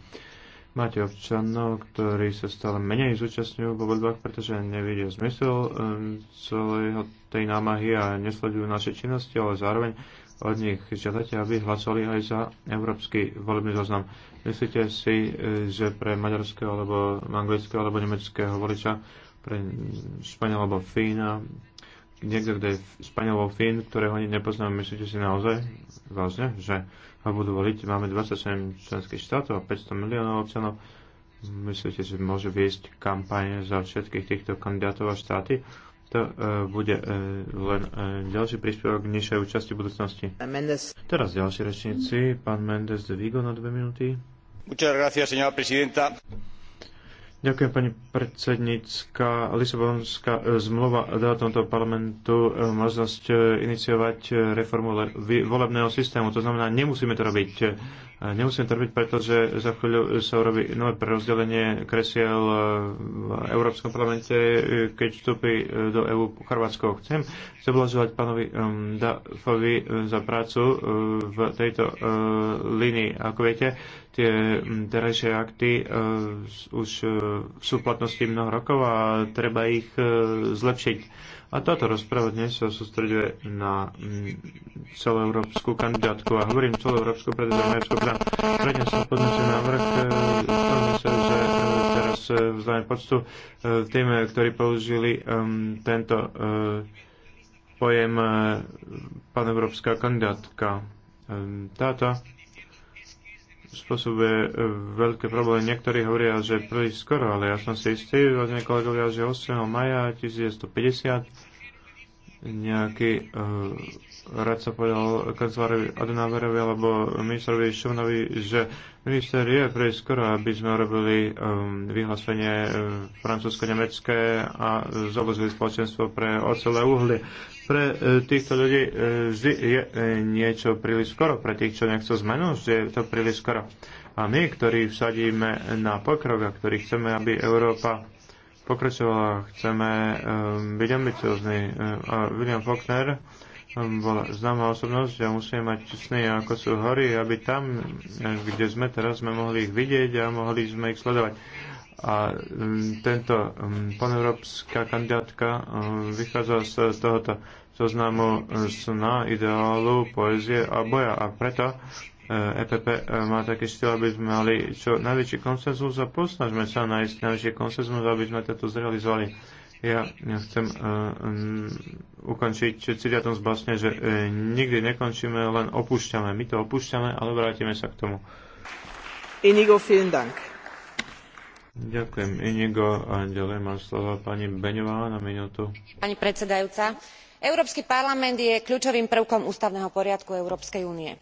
Máte občanov, ktorí sa stále menej zúčastňujú vo voľbách, pretože nevidia zmysel um, celého tej námahy a nesledujú naše činnosti, ale zároveň od nich žiadate, aby hlasovali aj za európsky volebný zoznam. Myslíte si, eh, že pre maďarského alebo anglického alebo nemeckého voliča, pre Španiela alebo Fína, niekto, kto je Španielov Fín, ktorého ani nepoznáme, myslíte si naozaj vážne, že ho budú voliť? Máme 27 členských štátov a 500 miliónov občanov. Myslíte, že môže viesť kampaň za všetkých týchto kandidátov a štáty? To uh, bude uh, len uh, ďalší príspevok k nižšej účasti v budúcnosti. Mendes. Teraz ďalší rečníci. Pán Mendes de Vigo na dve minúty. Muchas gracias, señora presidenta. Ďakujem, pani predsednícka. Lisabonská e, zmluva dá tomto parlamentu e, možnosť e, iniciovať reformu volebného systému. To znamená, nemusíme to robiť Nemusím to robiť, pretože za chvíľu sa urobí nové prerozdelenie kresiel e, v Európskom parlamente, e, keď vstúpi e, do EÚ Chorvátsko. Chcem zablažovať pánovi Dafovi za prácu v tejto línii. Ako viete, tie terajšie akty už sú v platnosti mnoho rokov a treba ich zlepšiť a táto rozpráva dnes sa sústreďuje na mm, celoeurópsku kandidátku a hovorím celoeurópsku, pretože Maďarsko krám. Predtým som podnesol návrh, e, myslím, že e, teraz e, vzhľadne poctu tým, ktorí použili um, tento pojem uh, paneurópska kandidátka. Um, táto spôsobuje veľké problémy. Niektorí hovoria, že príliš skoro, ale ja som si istý, vážení kolegovia, že 8. maja 1950 nejaký uh, eh, radca povedal kancelárovi Adenaverovi alebo ministrovi Šumnovi, že minister je skoro, aby sme robili um, vyhlásenie uh, francúzsko-nemecké a založili spoločenstvo pre ocele uhlie. Pre uh, týchto ľudí uh, vždy je uh, niečo príliš skoro, pre tých, čo nechcú zmenu, vždy je to príliš skoro. A my, ktorí vsadíme na pokrok a ktorí chceme, aby Európa pokračovala. Chceme ehm, byť ambiciozni. Ehm, a William Faulkner ehm, bola známa osobnosť a musíme mať sny, ako sú hory, aby tam, eh, kde sme teraz, sme mohli ich vidieť a mohli sme ich sledovať. A tento paneurópska kandidátka vychádza z tohoto zoznamu eh, sna, ideálu, poezie a boja. A preto EPP e e, má taký štýl, aby sme mali čo najväčší konsenzus a posnažme sa nájsť najväčší konsenzus, aby sme toto zrealizovali. Ja, ja chcem uh, um, ukončiť citatom z basne, že uh, nikdy nekončíme, len opúšťame. My to opúšťame, ale vrátime sa k tomu. Inigo, vielen Dank. Ďakujem, Inigo. A ďalej má slovo pani Beňová na minútu. Pani predsedajúca, Európsky parlament je kľúčovým prvkom ústavného poriadku Európskej únie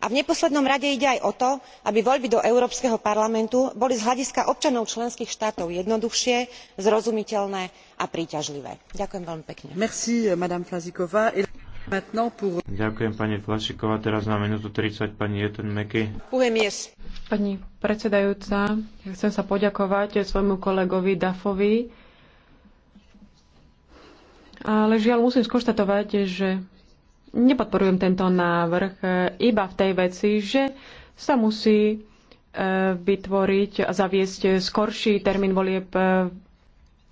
a v neposlednom rade ide aj o to aby voľby do európskeho parlamentu boli z hľadiska občanov členských štátov jednoduchšie zrozumiteľné a príťažlivé. ďakujem veľmi pekne. Ďakujem pani Flašiková. Teraz na minútu 30 pani Pani predsedajúca, ja chcem sa poďakovať svojmu kolegovi Dafovi. Ale žiaľ musím skonštatovať, že nepodporujem tento návrh e, iba v tej veci, že sa musí e, vytvoriť a zaviesť skorší termín volieb e,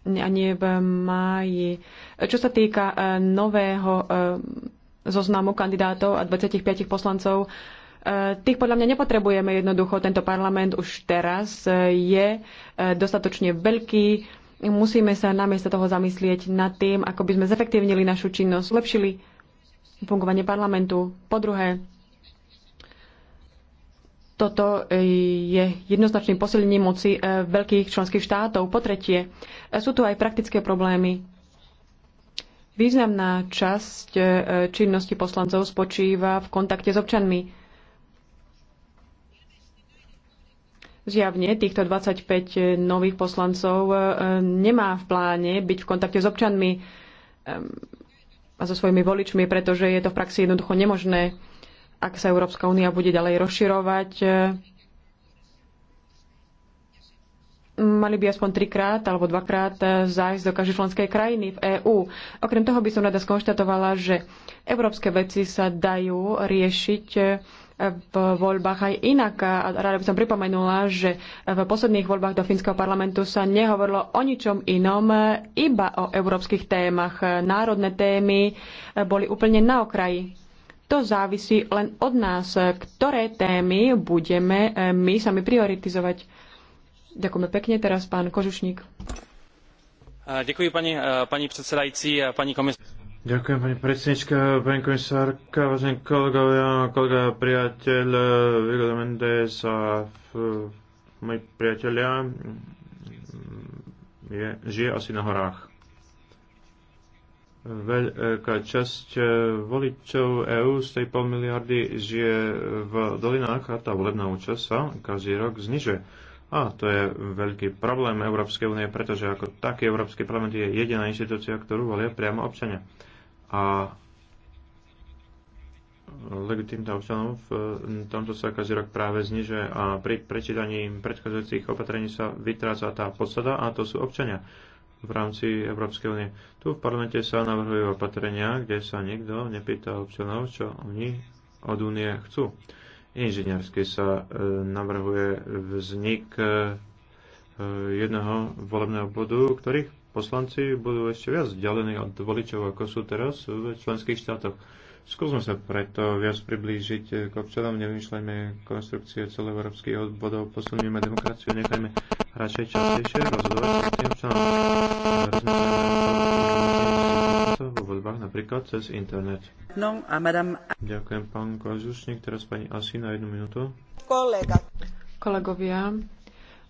a nie v máji. Čo sa týka nového zoznamu kandidátov a 25 poslancov, tých podľa mňa nepotrebujeme jednoducho. Tento parlament už teraz je dostatočne veľký. Musíme sa namiesto toho zamyslieť nad tým, ako by sme zefektívnili našu činnosť, zlepšili fungovanie parlamentu. Po druhé, toto je jednoznačným posilnením moci eh, veľkých členských štátov. Po tretie, eh, sú tu aj praktické problémy. Významná časť eh, činnosti poslancov spočíva v kontakte s občanmi. Zjavne týchto 25 nových poslancov nemá v pláne byť v kontakte s občanmi ehm, a so svojimi voličmi, pretože je to v praxi jednoducho nemožné, ak sa Európska únia bude ďalej rozširovať. Mali by aspoň trikrát alebo dvakrát zájsť do každej členskej krajiny v EÚ. Okrem toho by som rada skonštatovala, že európske veci sa dajú riešiť v voľbách aj inak. A rada by som pripomenula, že v posledných voľbách do Fínskeho parlamentu sa nehovorilo o ničom inom, iba o európskych témach. Národné témy boli úplne na okraji. To závisí len od nás, ktoré témy budeme eh, my sami prioritizovať. Ďakujeme pekne. Teraz pán Kožušník. Ďakujem pani, eh, pani predsedajúci, eh, pani komisár. Ďakujem pani predsednička, pani komisárka, vážení kolegovia, kolega priateľ Vigo Mendes a moji priatelia je, žije asi na horách. Veľká časť e, voličov EÚ z tej pol miliardy žije v dolinách a tá volebná účasť sa každý rok znižuje. A to je veľký problém Európskej únie, pretože ako taký Európsky parlament je jediná inštitúcia, ktorú volia priamo občania a legitimita občanov v tomto sa každý rok práve znižuje a pri prečítaní predchádzajúcich opatrení sa vytráca tá podsada a to sú občania v rámci Európskej únie. Tu v parlamente sa navrhujú opatrenia, kde sa nikto nepýta občanov, čo oni od únie chcú. Inžiniersky sa e, navrhuje vznik e, e, jedného volebného bodu, ktorých poslanci budú ešte viac vzdialení od voličov, ako sú teraz v členských štátoch. Skúsme sa preto viac priblížiť k občanom, nevymýšľajme konstrukcie európskych odbodov, posunieme demokraciu, nechajme radšej častejšie rozhodovať tým občanom. vo voľbách napríklad cez internet. No a madam... Ďakujem pán Kožušník, teraz pani Asi na jednu minútu. Kolega. Kolegovia,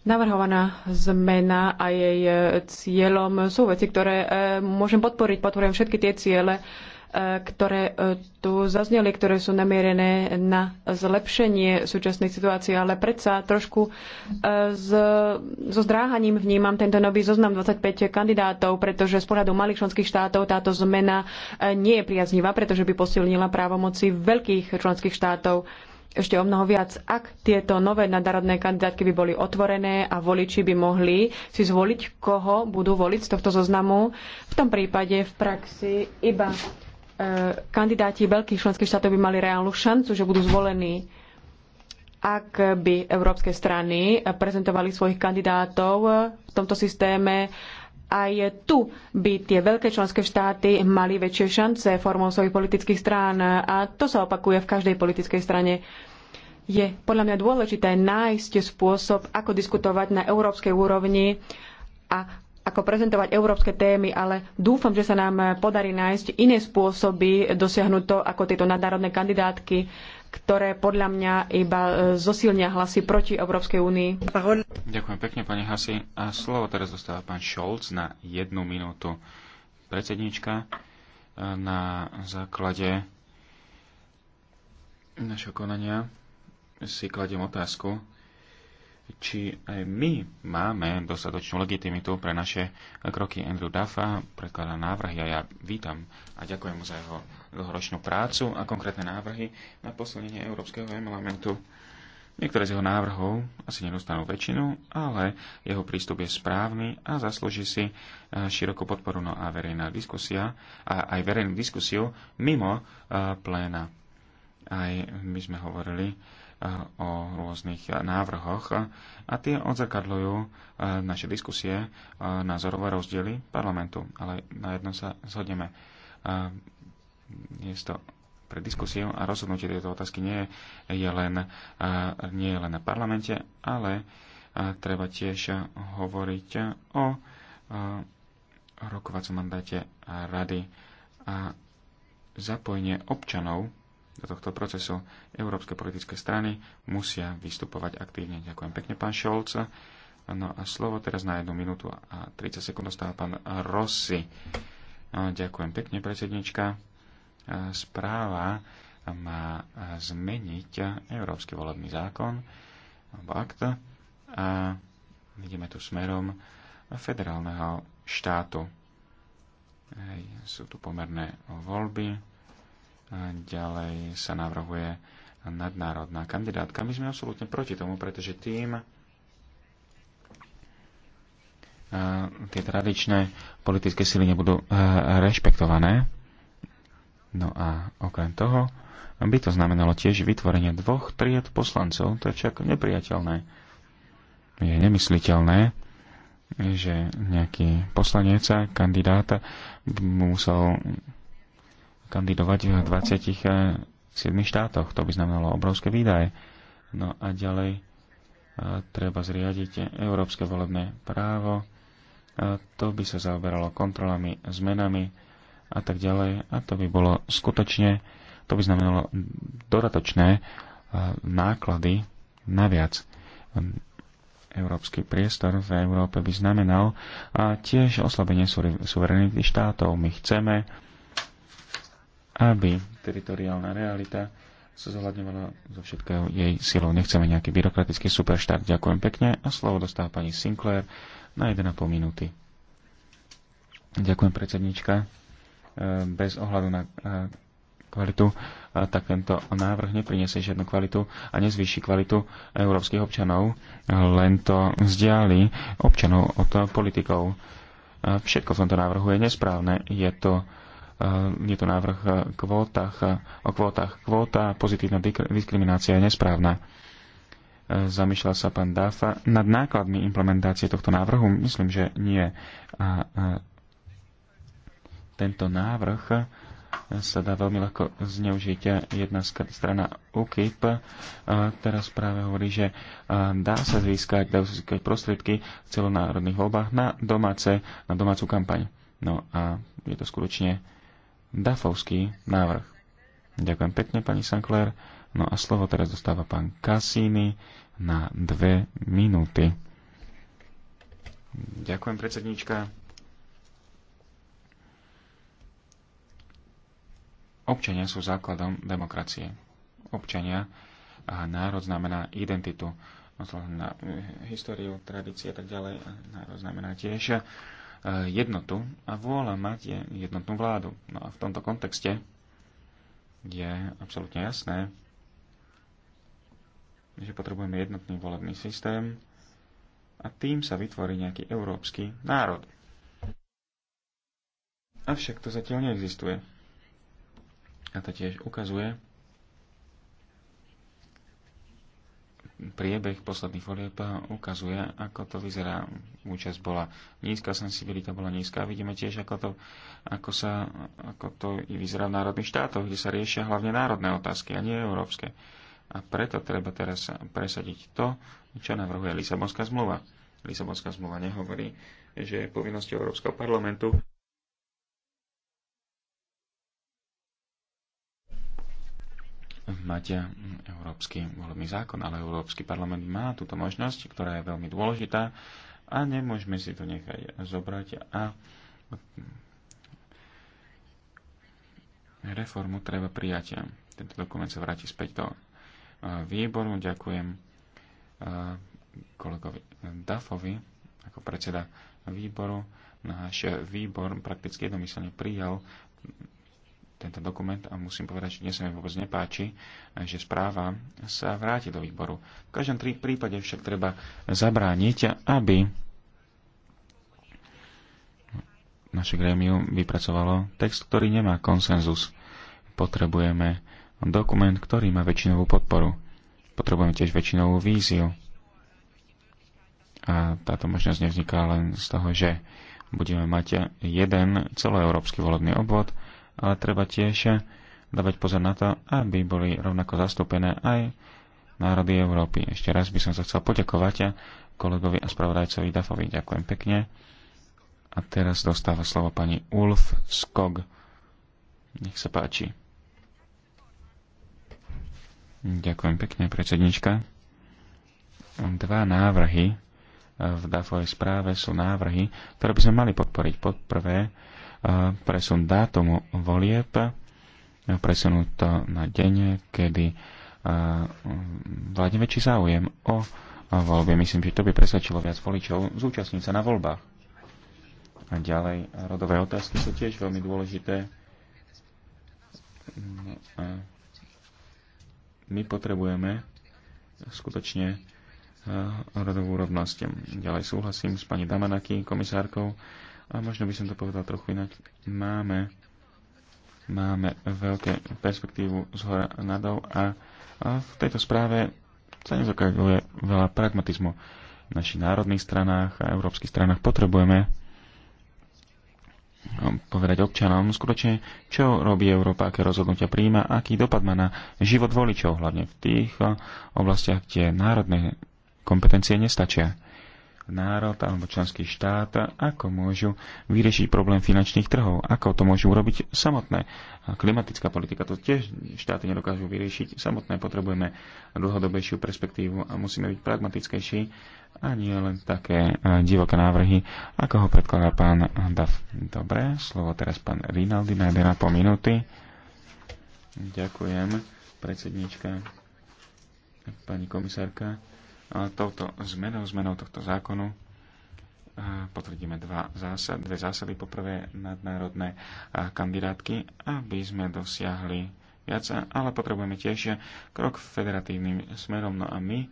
Navrhovaná zmena a jej e, cieľom sú veci, ktoré e, môžem podporiť. Podporujem všetky tie ciele, e, ktoré tu zazneli, ktoré sú namierené na zlepšenie súčasnej situácie, ale predsa trošku s, so zdráhaním vnímam tento nový zoznam 25 kandidátov, pretože z pohľadu malých členských štátov táto zmena nie je priaznivá, pretože by posilnila právomoci veľkých členských štátov ešte o mnoho viac. Ak tieto nové nadárodné kandidátky by boli otvorené a voliči by mohli si zvoliť, koho budú voliť z tohto zoznamu, v tom prípade v praxi iba e, kandidáti veľkých členských štátov by mali reálnu šancu, že budú zvolení. Ak by európske strany prezentovali svojich kandidátov v tomto systéme aj tu by tie veľké členské štáty mali väčšie šance formou svojich politických strán a to sa opakuje v každej politickej strane. Je podľa mňa dôležité nájsť spôsob, ako diskutovať na európskej úrovni a ako prezentovať európske témy, ale dúfam, že sa nám podarí nájsť iné spôsoby dosiahnuť to, ako tieto nadnárodné kandidátky ktoré podľa mňa iba e, zosilnia hlasy proti Európskej únii. Ďakujem pekne, pani Hasi. A slovo teraz dostáva pán Šolc na jednu minútu. Predsednička, e, na základe našho konania si kladiem otázku, či aj my máme dostatočnú legitimitu pre naše kroky Andrew Duffa, predkladá návrhy a ja vítam a ďakujem mu za jeho dlhoročnú prácu a konkrétne návrhy na posilnenie Európskeho parlamentu. Niektoré z jeho návrhov asi nedostanú väčšinu, ale jeho prístup je správny a zaslúži si eh, širokú podporu no a verejná diskusia a aj verejnú diskusiu mimo eh, pléna. Aj my sme hovorili eh, o rôznych návrhoch a tie odzrkadľujú naše diskusie, názorové rozdiely parlamentu, ale na jedno sa zhodneme miesto pre diskusiu a rozhodnutie tejto otázky nie je len, nie je len na parlamente, ale treba tiež hovoriť o rokovacom mandáte rady a zapojenie občanov do tohto procesu. Európske politické strany musia vystupovať aktívne. Ďakujem pekne, pán Šolc. No a slovo teraz na jednu minútu a 30 sekúnd dostáva pán Rossi. No, ďakujem pekne, predsednička správa má zmeniť Európsky volebný zákon alebo akt a ideme tu smerom federálneho štátu. Sú tu pomerné voľby, ďalej sa navrhuje nadnárodná kandidátka. My sme absolútne proti tomu, pretože tým tie tradičné politické sily nebudú rešpektované No a okrem toho by to znamenalo tiež vytvorenie dvoch tried poslancov. To je však nepriateľné. Je nemysliteľné, že nejaký poslanec a kandidáta by musel kandidovať v 27 štátoch. To by znamenalo obrovské výdaje. No a ďalej a treba zriadiť európske volebné právo. A to by sa zaoberalo kontrolami, zmenami, a tak ďalej. A to by bolo skutočne, to by znamenalo dodatočné e, náklady naviac. Ehm, európsky priestor v Európe by znamenal a tiež oslabenie suverenity štátov. My chceme, aby teritoriálna realita sa zohľadňovala zo všetkého jej silou. Nechceme nejaký byrokratický superštát. Ďakujem pekne a slovo dostáva pani Sinclair na 1,5 minúty. Ďakujem predsednička. E, bez ohľadu na e, kvalitu, e, tak tento návrh nepriniesie žiadnu kvalitu a nezvýši kvalitu európskych občanov, len to vzdiali občanov od politikov. Všetko v tomto návrhu je nesprávne. Je to, je to návrh kvótach, o kvótach. Kvóta, pozitívna diskriminácia je nesprávna. Zamýšľal sa pán Dáfa nad nákladmi implementácie tohto návrhu? Myslím, že nie. A, a tento návrh sa dá veľmi ľahko zneužiť. Jedna strana UKIP eh, teraz práve hovorí, že eh, dá sa získať, dá sa získať prostriedky v celonárodných voľbách na, domáce, na domácu kampaň. No a je to skutočne dafovský návrh. Ďakujem pekne, pani Sankler. No a slovo teraz dostáva pán Cassini na dve minúty. Ďakujem, predsedníčka. Občania sú základom demokracie. Občania a národ znamená identitu, na eh, históriu, tradície a tak ďalej. národ znamená tiež eh, jednotu a vôľa mať je jednotnú vládu. No a v tomto kontexte je absolútne jasné, že potrebujeme jednotný volebný systém a tým sa vytvorí nejaký európsky národ. Avšak to zatiaľ neexistuje. A to tiež ukazuje priebeh posledných volieb ukazuje, ako to vyzerá. Účasť bola nízka, sensibilita bola nízka. Vidíme tiež, ako to, ako sa, ako to i vyzerá v národných štátoch, kde sa riešia hlavne národné otázky a nie európske. A preto treba teraz presadiť to, čo navrhuje Lisabonská zmluva. Lisabonská zmluva nehovorí, že je povinnosťou Európskeho parlamentu mať hm, európsky volebný zákon, ale Európsky parlament má túto možnosť, ktorá je veľmi dôležitá a nemôžeme si to nechať zobrať a hm, reformu treba prijať. Tento dokument sa vráti späť do hm, výboru. Ďakujem kolegovi Dafovi ako predseda výboru. Náš výbor prakticky jednomyselne prijal tento dokument a musím povedať, že dnes sa mi vôbec nepáči, že správa sa vráti do výboru. V každom prípade však treba zabrániť, aby naše grémium vypracovalo text, ktorý nemá konsenzus. Potrebujeme dokument, ktorý má väčšinovú podporu. Potrebujeme tiež väčšinovú víziu. A táto možnosť nevzniká len z toho, že budeme mať jeden celoeurópsky volebný obvod, ale treba tiež dávať pozor na to, aby boli rovnako zastúpené aj národy Európy. Ešte raz by som sa chcel poďakovať kolegovi a spravodajcovi Dafovi. Ďakujem pekne. A teraz dostáva slovo pani Ulf Skog. Nech sa páči. Ďakujem pekne, predsednička. Dva návrhy v DAFovej správe sú návrhy, ktoré by sme mali podporiť. Pod prvé, presun dátumu volieb, presunúť to na deň, kedy mm, vládne väčší záujem o voľby. Myslím, že to by presvedčilo viac voličov zúčastniť sa na voľbách. A ďalej, rodové otázky sú tiež veľmi dôležité. No my potrebujeme skutočne rodovú rovnosť. Ďalej súhlasím s pani Damanaky, komisárkou, a možno by som to povedal trochu inak, máme, máme veľké perspektívu z hora nadol a, a v tejto správe sa nezokazuje veľa pragmatizmu. V našich národných stranách a európskych stranách potrebujeme no, povedať občanom skutočne, čo robí Európa, aké rozhodnutia príjma, aký dopad má na život voličov, hlavne v tých oblastiach, kde národné kompetencie nestačia národ alebo členský štát, ako môžu vyriešiť problém finančných trhov, ako to môžu urobiť samotné. A klimatická politika to tiež štáty nedokážu vyriešiť samotné. Potrebujeme dlhodobejšiu perspektívu a musíme byť pragmatickejší a nie len také e, divoké návrhy, ako ho predkladá pán Daf. Dobre, slovo teraz pán Rinaldi na 1,5 minúty. Ďakujem, predsednička, pani komisárka touto zmenou, zmenou tohto zákonu potvrdíme dva zásady, dve zásady. Poprvé nadnárodné kandidátky, aby sme dosiahli viac, ale potrebujeme tiež krok federatívnym smerom. No a my,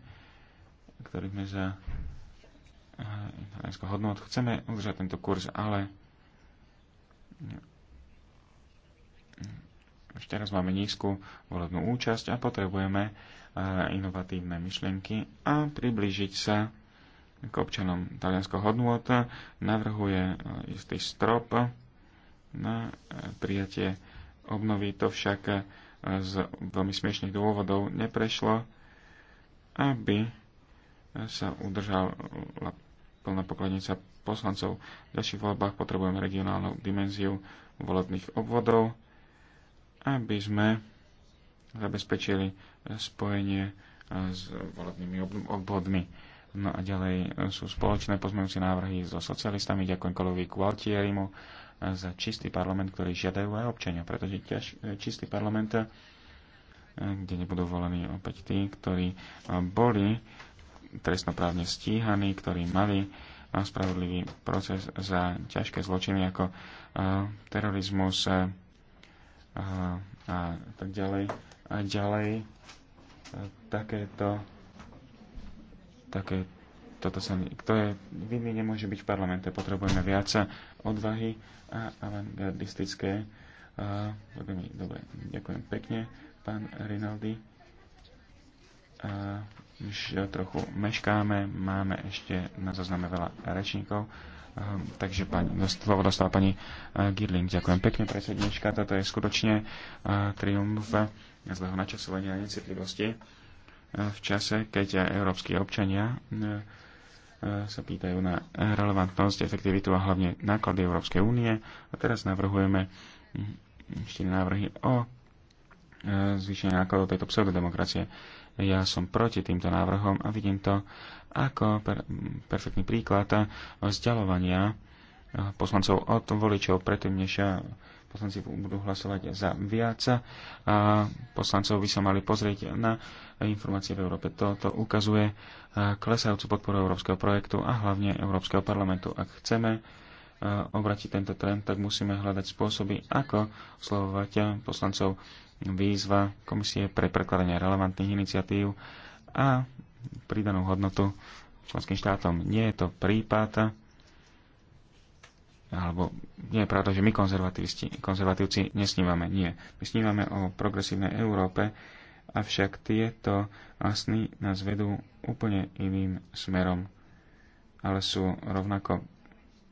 ktorí sme za italiansko hodnotu, chceme udržať tento kurz, ale ešte raz máme nízku volebnú účasť a potrebujeme inovatívne myšlienky a priblížiť sa k občanom talianského hodnot navrhuje e, istý strop na e, prijatie obnovy. To však e, z veľmi smiešných dôvodov neprešlo, aby sa udržala plná pokladnica poslancov. V ďalších voľbách potrebujeme regionálnu dimenziu volebných obvodov, aby sme zabezpečili spojenie e, s volebnými obvodmi. No a ďalej e, sú spoločné pozmeňujúce návrhy so socialistami. Ďakujem kolovi Gualtierimu e, za čistý parlament, ktorý žiadajú aj občania, pretože ťaž, čistý parlament, kde nebudú volení opäť tí, ktorí boli trestnoprávne stíhaní, ktorí mali spravodlivý proces za ťažké zločiny ako terorizmus a tak ďalej a ďalej e, takéto také toto sa, kto je vinný, nemôže byť v parlamente. Potrebujeme viac odvahy a avantgardistické. E, dobre, ďakujem pekne, pán Rinaldi. A e, už trochu meškáme, máme ešte na zozname veľa rečníkov. Ehm, takže pani, slovo dostala pani eh, Girling. Ďakujem pekne, predsednička. Toto je skutočne eh, triumf zlého načasovania a necitlivosti eh, v čase, keď európsky občania sa pýtajú na relevantnosť, efektivitu a hlavne náklady Európskej únie. A teraz navrhujeme ešte hm, návrhy o zvýšení nákladov tejto pseudodemokracie. demokracie ja som proti týmto návrhom a vidím to ako per- perfektný príklad vzdialovania poslancov od voličov, predtým než poslanci budú hlasovať za viac. A poslancov by sa mali pozrieť na informácie v Európe. Toto ukazuje klesajúcu podporu európskeho projektu a hlavne Európskeho parlamentu. Ak chceme obratiť tento trend, tak musíme hľadať spôsoby, ako slovovať poslancov výzva Komisie pre prekladanie relevantných iniciatív a pridanú hodnotu členským štátom. Nie je to prípad, alebo nie je pravda, že my konzervatívci nesnívame. Nie. My snívame o progresívnej Európe, avšak tieto sny nás vedú úplne iným smerom, ale sú rovnako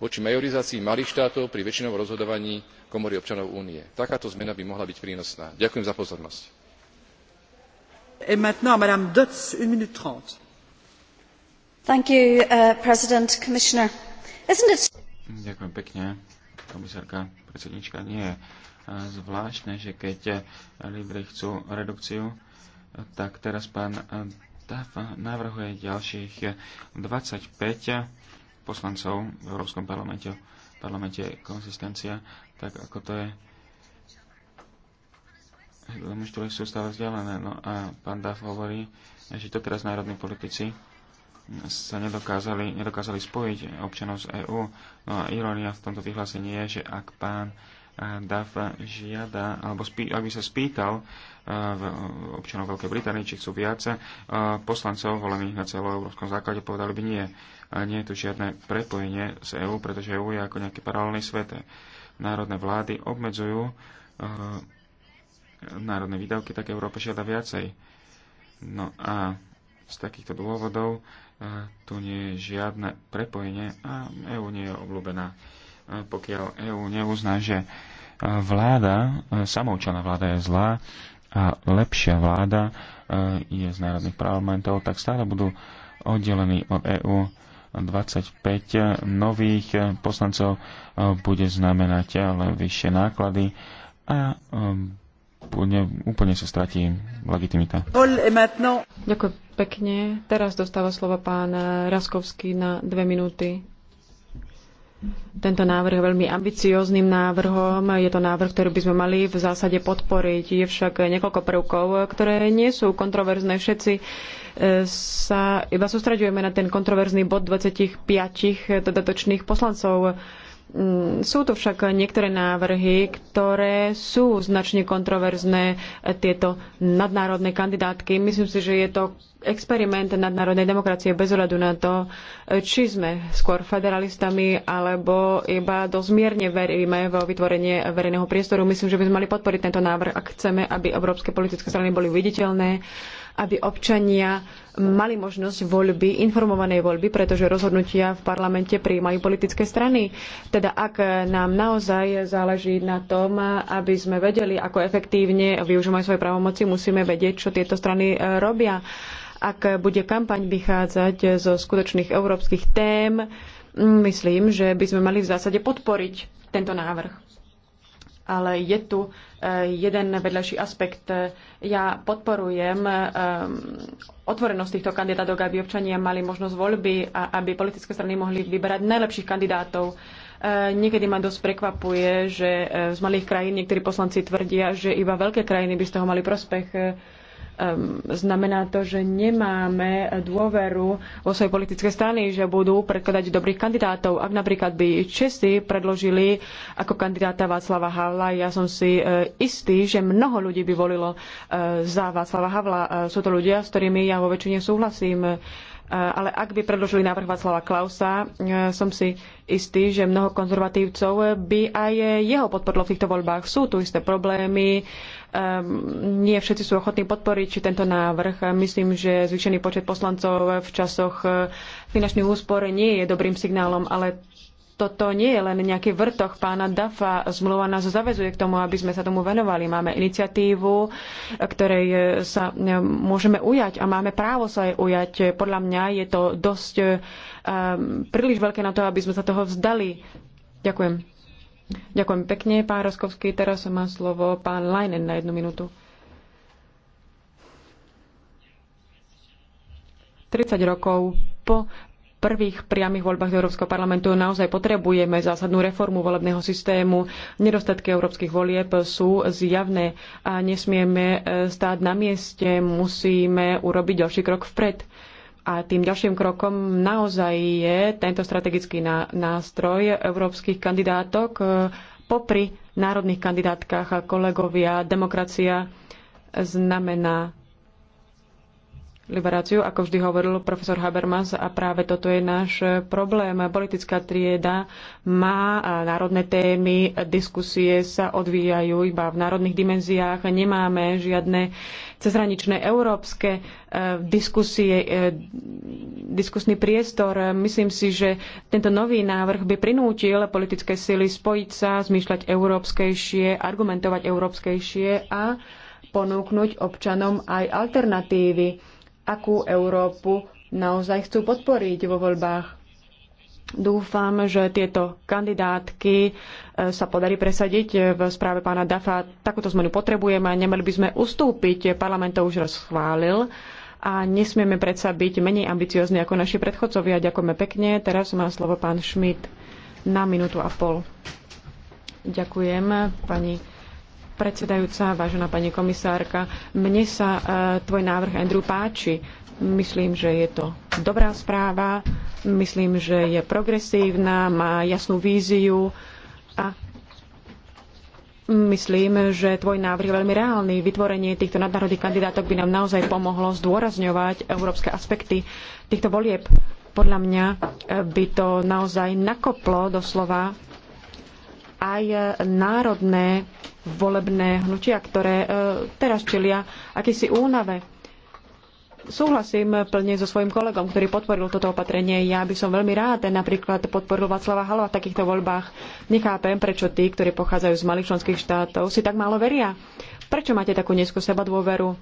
voči majorizácii malých štátov pri väčšinovom rozhodovaní komory občanov únie. takáto zmena by mohla byť prínosná. ďakujem za pozornosť. Uh, ďakujem pekne, komisárka, predsednička. Nie je uh, zvláštne, že keď uh, lídry chcú redukciu, tak teraz pán Dav navrhuje ďalších 25 poslancov v Európskom parlamente, v parlamente konsistencia, tak ako to je muž, sú stále vzdialené. No a pán Duff hovorí, že to teraz národní politici sa nedokázali, nedokázali spojiť občanov z EÚ. No a ironia v tomto vyhlásení je, že ak pán DAF žiada, alebo spí, ak by sa spýtal e, občanov Veľkej Británie, či chcú viac e, poslancov volených na celoeurópskom základe, povedali by nie. Nie je tu žiadne prepojenie s EÚ, pretože EÚ je ako nejaký paralelný svet. Národné vlády obmedzujú e, národné výdavky, tak Európa žiada viacej. No a z takýchto dôvodov tu nie je žiadne prepojenie a EÚ nie je obľúbená pokiaľ EÚ neuzná, že e, vláda, e, samoučelná vláda je zlá a lepšia vláda e, je z národných parlamentov, tak stále budú oddelení od EÚ 25 nových poslancov bude znamenať ale vyššie náklady a úplne, úplne sa stratí legitimita. Ďakujem pekne. Teraz dostáva slovo pán Raskovský na dve minúty tento návrh je veľmi ambiciózným návrhom. Je to návrh, ktorý by sme mali v zásade podporiť. Je však niekoľko prvkov, ktoré nie sú kontroverzné. Všetci e, sa iba sústraďujeme na ten kontroverzný bod 25 dodatočných teda poslancov. Mm, sú tu však niektoré návrhy, ktoré sú značne kontroverzné, e, tieto nadnárodné kandidátky. Myslím si, že je to experiment nadnárodnej demokracie bez ohľadu na to, či sme skôr federalistami, alebo iba dosť mierne veríme vo vytvorenie verejného priestoru. Myslím, že by sme mali podporiť tento návrh, ak chceme, aby európske politické strany boli viditeľné, aby občania mali možnosť voľby, informovanej voľby, pretože rozhodnutia v parlamente prijímajú politické strany. Teda ak nám naozaj záleží na tom, aby sme vedeli, ako efektívne využívať svoje právomoci, musíme vedieť, čo tieto strany e, robia. Ak bude kampaň vychádzať zo skutočných európskych tém, mm, myslím, že by sme mali v zásade podporiť tento návrh. Ale je tu jeden vedľajší aspekt. Ja podporujem ehm, otvorenosť týchto kandidátov, aby občania mali možnosť voľby a aby politické strany mohli vyberať najlepších kandidátov. E, niekedy ma dosť prekvapuje, že e, z malých krajín niektorí poslanci tvrdia, že iba veľké krajiny by z toho mali prospech Ehm, znamená to, že nemáme dôveru vo svoje politické strany, že budú predkladať dobrých kandidátov. Ak napríklad by Česi predložili ako kandidáta Václava Havla, ja som si eh, istý, že mnoho ľudí by volilo eh, za Václava Havla. Sú to ľudia, s ktorými ja vo väčšine súhlasím ale ak by predložili návrh Václava Klausa, e, som si istý, že mnoho konzervatívcov by aj jeho podporilo v týchto voľbách. Sú tu isté problémy, ehm, nie všetci sú ochotní podporiť či tento návrh. Myslím, že zvýšený počet poslancov v časoch e, finančných úspor nie je dobrým signálom, ale toto nie je len nejaký vrtoch pána Dafa. Zmluva nás zavezuje k tomu, aby sme sa tomu venovali. Máme iniciatívu, ktorej sa môžeme ujať a máme právo sa jej ujať. Podľa mňa je to dosť um, príliš veľké na to, aby sme sa toho vzdali. Ďakujem. Ďakujem pekne, pán Roskovský. Teraz má slovo pán Leinen na jednu minútu. 30 rokov po prvých priamých voľbách do Európskeho parlamentu naozaj potrebujeme zásadnú reformu volebného systému. Nedostatky európskych volieb sú zjavné a nesmieme e, stáť na mieste, musíme urobiť ďalší krok vpred. A tým ďalším krokom naozaj je tento strategický nástroj európskych kandidátok e, popri národných kandidátkach a kolegovia. Demokracia znamená liberáciu, ako vždy hovoril profesor Habermas, a práve toto je náš problém. Politická trieda má národné témy, diskusie sa odvíjajú iba v národných dimenziách, nemáme žiadne cezhraničné európske e, diskusie, e, diskusný priestor. Myslím si, že tento nový návrh by prinútil politické sily spojiť sa, zmýšľať európskejšie, argumentovať európskejšie a ponúknuť občanom aj alternatívy akú Európu naozaj chcú podporiť vo voľbách. Dúfam, že tieto kandidátky e, sa podarí presadiť v správe pána Dafa. Takúto zmenu potrebujeme a nemali by sme ustúpiť. Parlament to už rozchválil. a nesmieme predsa byť menej ambiciozni ako naši predchodcovia. Ďakujeme pekne. Teraz má slovo pán Schmidt na minútu a pol. Ďakujem, pani predsedajúca, vážená pani komisárka. Mne sa e, tvoj návrh, Andrew, páči. Myslím, že je to dobrá správa, myslím, že je progresívna, má jasnú víziu a myslím, že tvoj návrh je veľmi reálny. Vytvorenie týchto nadnárodných kandidátok by nám naozaj pomohlo zdôrazňovať európske aspekty týchto volieb. Podľa mňa e, by to naozaj nakoplo doslova aj národné volebné hnutia, ktoré e, teraz čelia akýsi únave. Súhlasím plne so svojím kolegom, ktorý podporil toto opatrenie. Ja by som veľmi rád napríklad podporil Václava Halo v takýchto voľbách. Nechápem, prečo tí, ktorí pochádzajú z malých členských štátov, si tak málo veria. Prečo máte takú nízku seba dôveru?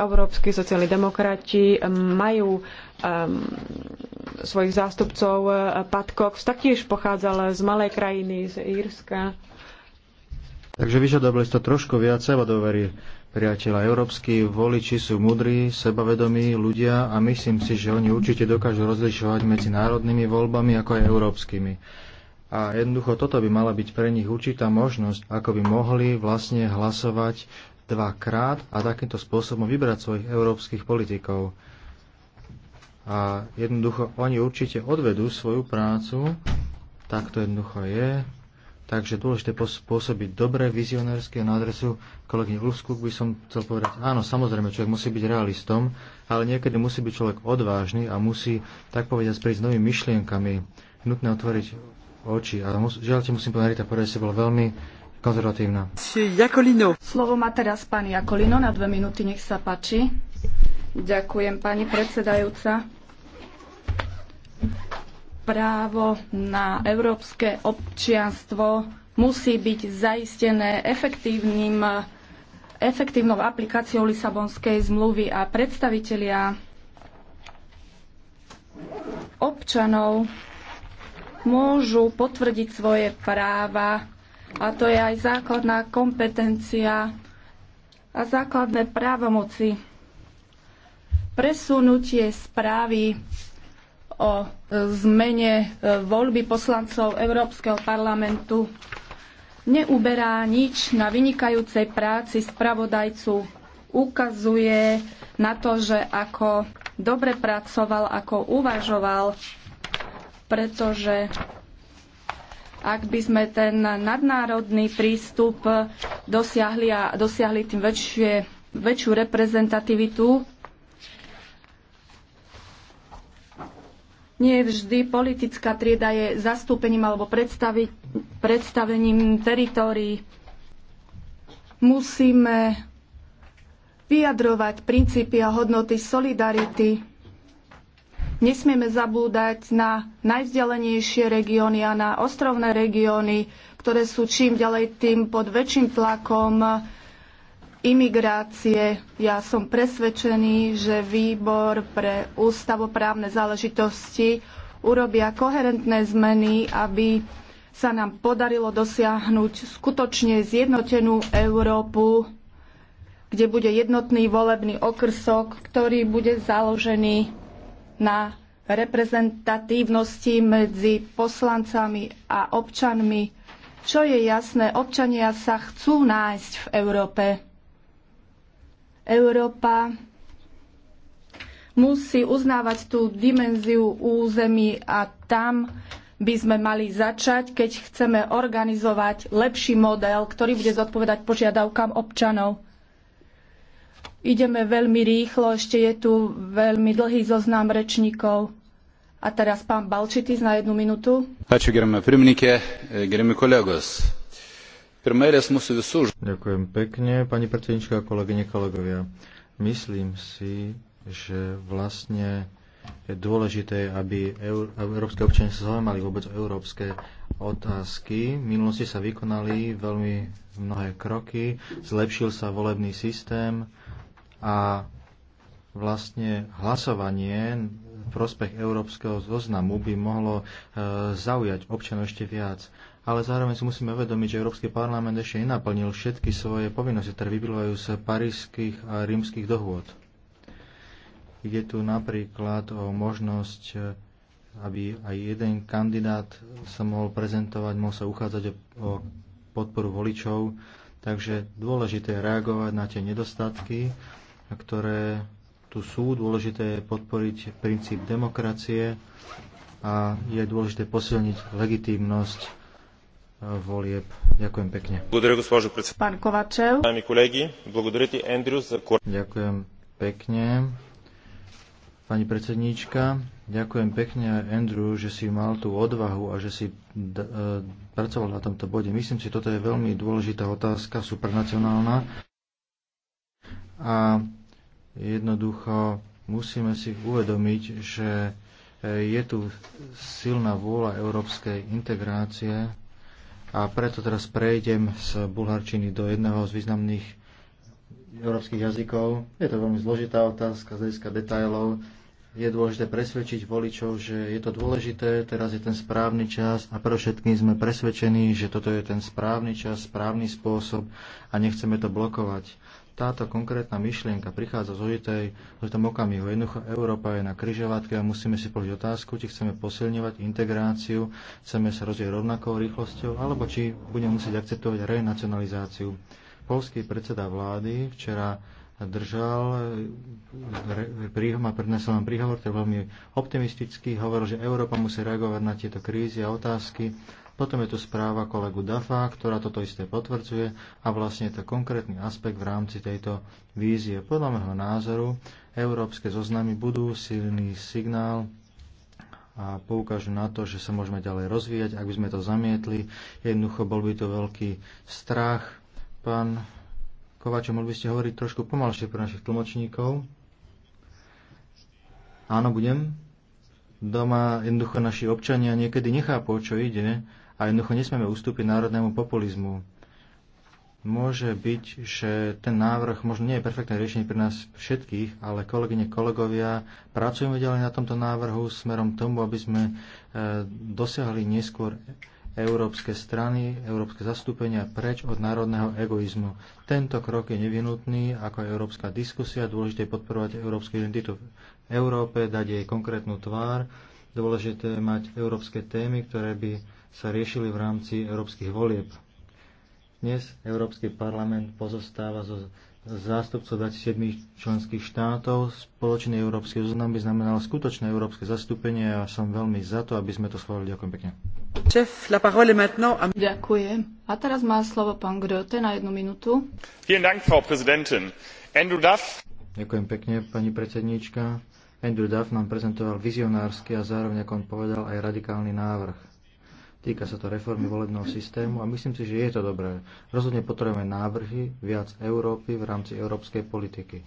Európsky sociálni demokrati majú um, svojich zástupcov e, Pat Cox taktiež pochádzal z malej krajiny, z Írska. Takže vyžadovali ste trošku viac seba dôvery, priateľa. Európsky voliči sú mudrí, sebavedomí ľudia a myslím si, že oni určite dokážu rozlišovať medzi národnými voľbami ako aj európskymi. A jednoducho toto by mala byť pre nich určitá možnosť, ako by mohli vlastne hlasovať dvakrát a takýmto spôsobom vybrať svojich európskych politikov. A jednoducho oni určite odvedú svoju prácu, tak to jednoducho je. Takže dôležité pôsobiť dobre, vizionárske na adresu kolegyne Ulfskú by som chcel povedať, áno, samozrejme, človek musí byť realistom, ale niekedy musí byť človek odvážny a musí, tak povediať, prísť s novými myšlienkami, nutné otvoriť oči. A mus, žiaľ ti musím povedať, že si bola veľmi konzervatívna. Jakolino. Slovo má teraz pán Jakolino na dve minúty, nech sa páči. Ďakujem, pani predsedajúca. Právo na európske občianstvo musí byť zaistené efektívnym, efektívnou aplikáciou Lisabonskej zmluvy a predstavitelia občanov môžu potvrdiť svoje práva a to je aj základná kompetencia a základné právomoci presunutie správy o e, zmene e, voľby poslancov Európskeho parlamentu neuberá nič na vynikajúcej práci spravodajcu. Ukazuje na to, že ako dobre pracoval, ako uvažoval, pretože ak by sme ten nadnárodný prístup dosiahli a dosiahli tým väčšie, väčšiu reprezentativitu Nie vždy politická trieda je zastúpením alebo predstavi, predstavením teritórií. Musíme vyjadrovať princípy a hodnoty solidarity. Nesmieme zabúdať na najvzdialenejšie regióny a na ostrovné regióny, ktoré sú čím ďalej tým pod väčším tlakom imigrácie. Ja som presvedčený, že výbor pre ústavoprávne záležitosti urobia koherentné zmeny, aby sa nám podarilo dosiahnuť skutočne zjednotenú Európu, kde bude jednotný volebný okrsok, ktorý bude založený na reprezentatívnosti medzi poslancami a občanmi. Čo je jasné, občania sa chcú nájsť v Európe. Európa musí uznávať tú dimenziu území a tam by sme mali začať, keď chceme organizovať lepší model, ktorý bude zodpovedať požiadavkám občanov. Ideme veľmi rýchlo, ešte je tu veľmi dlhý zoznam rečníkov. A teraz pán Balčitis na jednu minútu. Ačiū, gerbiamą pirmininkę, gerbiami kolegos. Ďakujem pekne, pani predsednička, kolegyne, kolegovia. Myslím si, že vlastne je dôležité, aby európske občania sa zaujímali vôbec o európske otázky. V minulosti sa vykonali veľmi mnohé kroky, zlepšil sa volebný systém a vlastne hlasovanie v prospech európskeho zoznamu by mohlo e, zaujať občanov ešte viac ale zároveň si musíme uvedomiť, že Európsky parlament ešte nenaplnil všetky svoje povinnosti, ktoré vyplývajú z parížských a rímskych dohôd. Ide tu napríklad o možnosť, e, aby aj jeden kandidát sa mohol prezentovať, mohol sa uchádzať o podporu voličov, takže dôležité je reagovať na tie nedostatky, ktoré tu sú. Dôležité je podporiť princíp demokracie a je dôležité posilniť legitímnosť volieb. Ďakujem pekne. Pán Kovačev. Ďakujem pekne. Pani predsedníčka, ďakujem pekne Andrew, že si mal tú odvahu a že si e, pracoval na tomto bode. Myslím si, toto je veľmi dôležitá otázka, supernacionálna. A jednoducho musíme si uvedomiť, že e, je tu silná vôľa európskej integrácie a preto teraz prejdem z bulharčiny do jedného z významných európskych jazykov. Je to veľmi zložitá otázka z hľadiska detajlov. Je dôležité presvedčiť voličov, že je to dôležité, teraz je ten správny čas a pre všetkým sme presvedčení, že toto je ten správny čas, správny spôsob a nechceme to blokovať táto konkrétna myšlienka prichádza z ožitej, ozitej, tom okamihu. Jednoducho Európa je na kryžovatke a musíme si položiť otázku, či chceme posilňovať integráciu, chceme sa rozvieť rovnakou rýchlosťou, alebo či budeme musieť akceptovať renacionalizáciu. Polský predseda vlády včera držal, eh, príhom a prednesol nám príhovor, ktorý je veľmi optimistický, hovoril, že Európa musí reagovať na tieto krízy a otázky potom je tu správa kolegu Dafa, ktorá toto isté potvrdzuje a vlastne je to konkrétny aspekt v rámci tejto vízie. Podľa môjho názoru európske zoznamy budú silný signál a poukážu na to, že sa môžeme ďalej rozvíjať. Ak by sme to zamietli, jednoducho bol by to veľký strach. Pán Kovačo, mohli by ste hovoriť trošku pomalšie pre našich tlmočníkov? Áno, budem. Doma jednoducho naši občania niekedy nechápu, čo ide a jednoducho nesmieme ustúpiť národnému populizmu. Môže byť, že ten návrh možno nie je perfektné riešenie pre nás všetkých, ale kolegyne, kolegovia, pracujeme ďalej na tomto návrhu smerom tomu, aby sme e, dosiahli neskôr európske strany, európske zastúpenia preč od národného egoizmu. Tento krok je nevinutný, ako je európska diskusia, dôležité je podporovať európsku identitu v Európe, dať jej konkrétnu tvár, dôležité je mať európske témy, ktoré by sa riešili v rámci európskych volieb. Dnes Európsky parlament pozostáva zo zástupcov 27 členských štátov. Spoločný európsky zoznam by znamenal skutočné európske zastúpenie a som veľmi za to, aby sme to schválili. Ďakujem pekne. Ďakujem. A teraz má slovo pán Grote na jednu minútu. Ďakujem pekne, pani predsedníčka. Andrew Duff nám prezentoval vizionársky a zároveň, ako on povedal, aj radikálny návrh Týka sa to reformy volebného systému a myslím si, že je to dobré. Rozhodne potrebujeme návrhy viac Európy v rámci európskej politiky.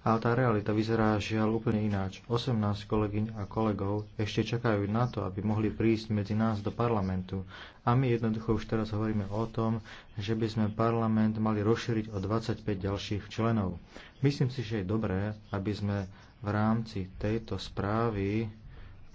Ale tá realita vyzerá žiaľ úplne ináč. 18 kolegyň a kolegov ešte čakajú na to, aby mohli prísť medzi nás do parlamentu. A my jednoducho už teraz hovoríme o tom, že by sme parlament mali rozšíriť o 25 ďalších členov. Myslím si, že je dobré, aby sme v rámci tejto správy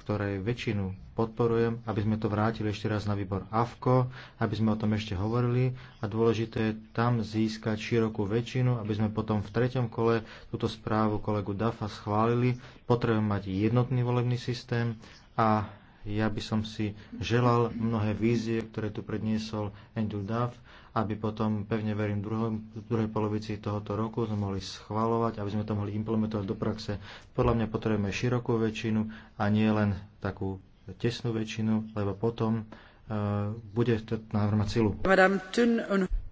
ktorej väčšinu podporujem, aby sme to vrátili ešte raz na výbor AFKO, aby sme o tom ešte hovorili a dôležité je tam získať širokú väčšinu, aby sme potom v treťom kole túto správu kolegu Dafa schválili. Potrebujeme mať jednotný volebný systém a ja by som si želal mnohé vízie, ktoré tu predniesol Andrew Duff, aby potom, pevne verím, v druhej, druhej polovici tohoto roku sme mohli schvalovať, aby sme to mohli implementovať do praxe. Podľa mňa potrebujeme širokú väčšinu a nie len takú tesnú väčšinu, lebo potom uh, bude návrh mať silu.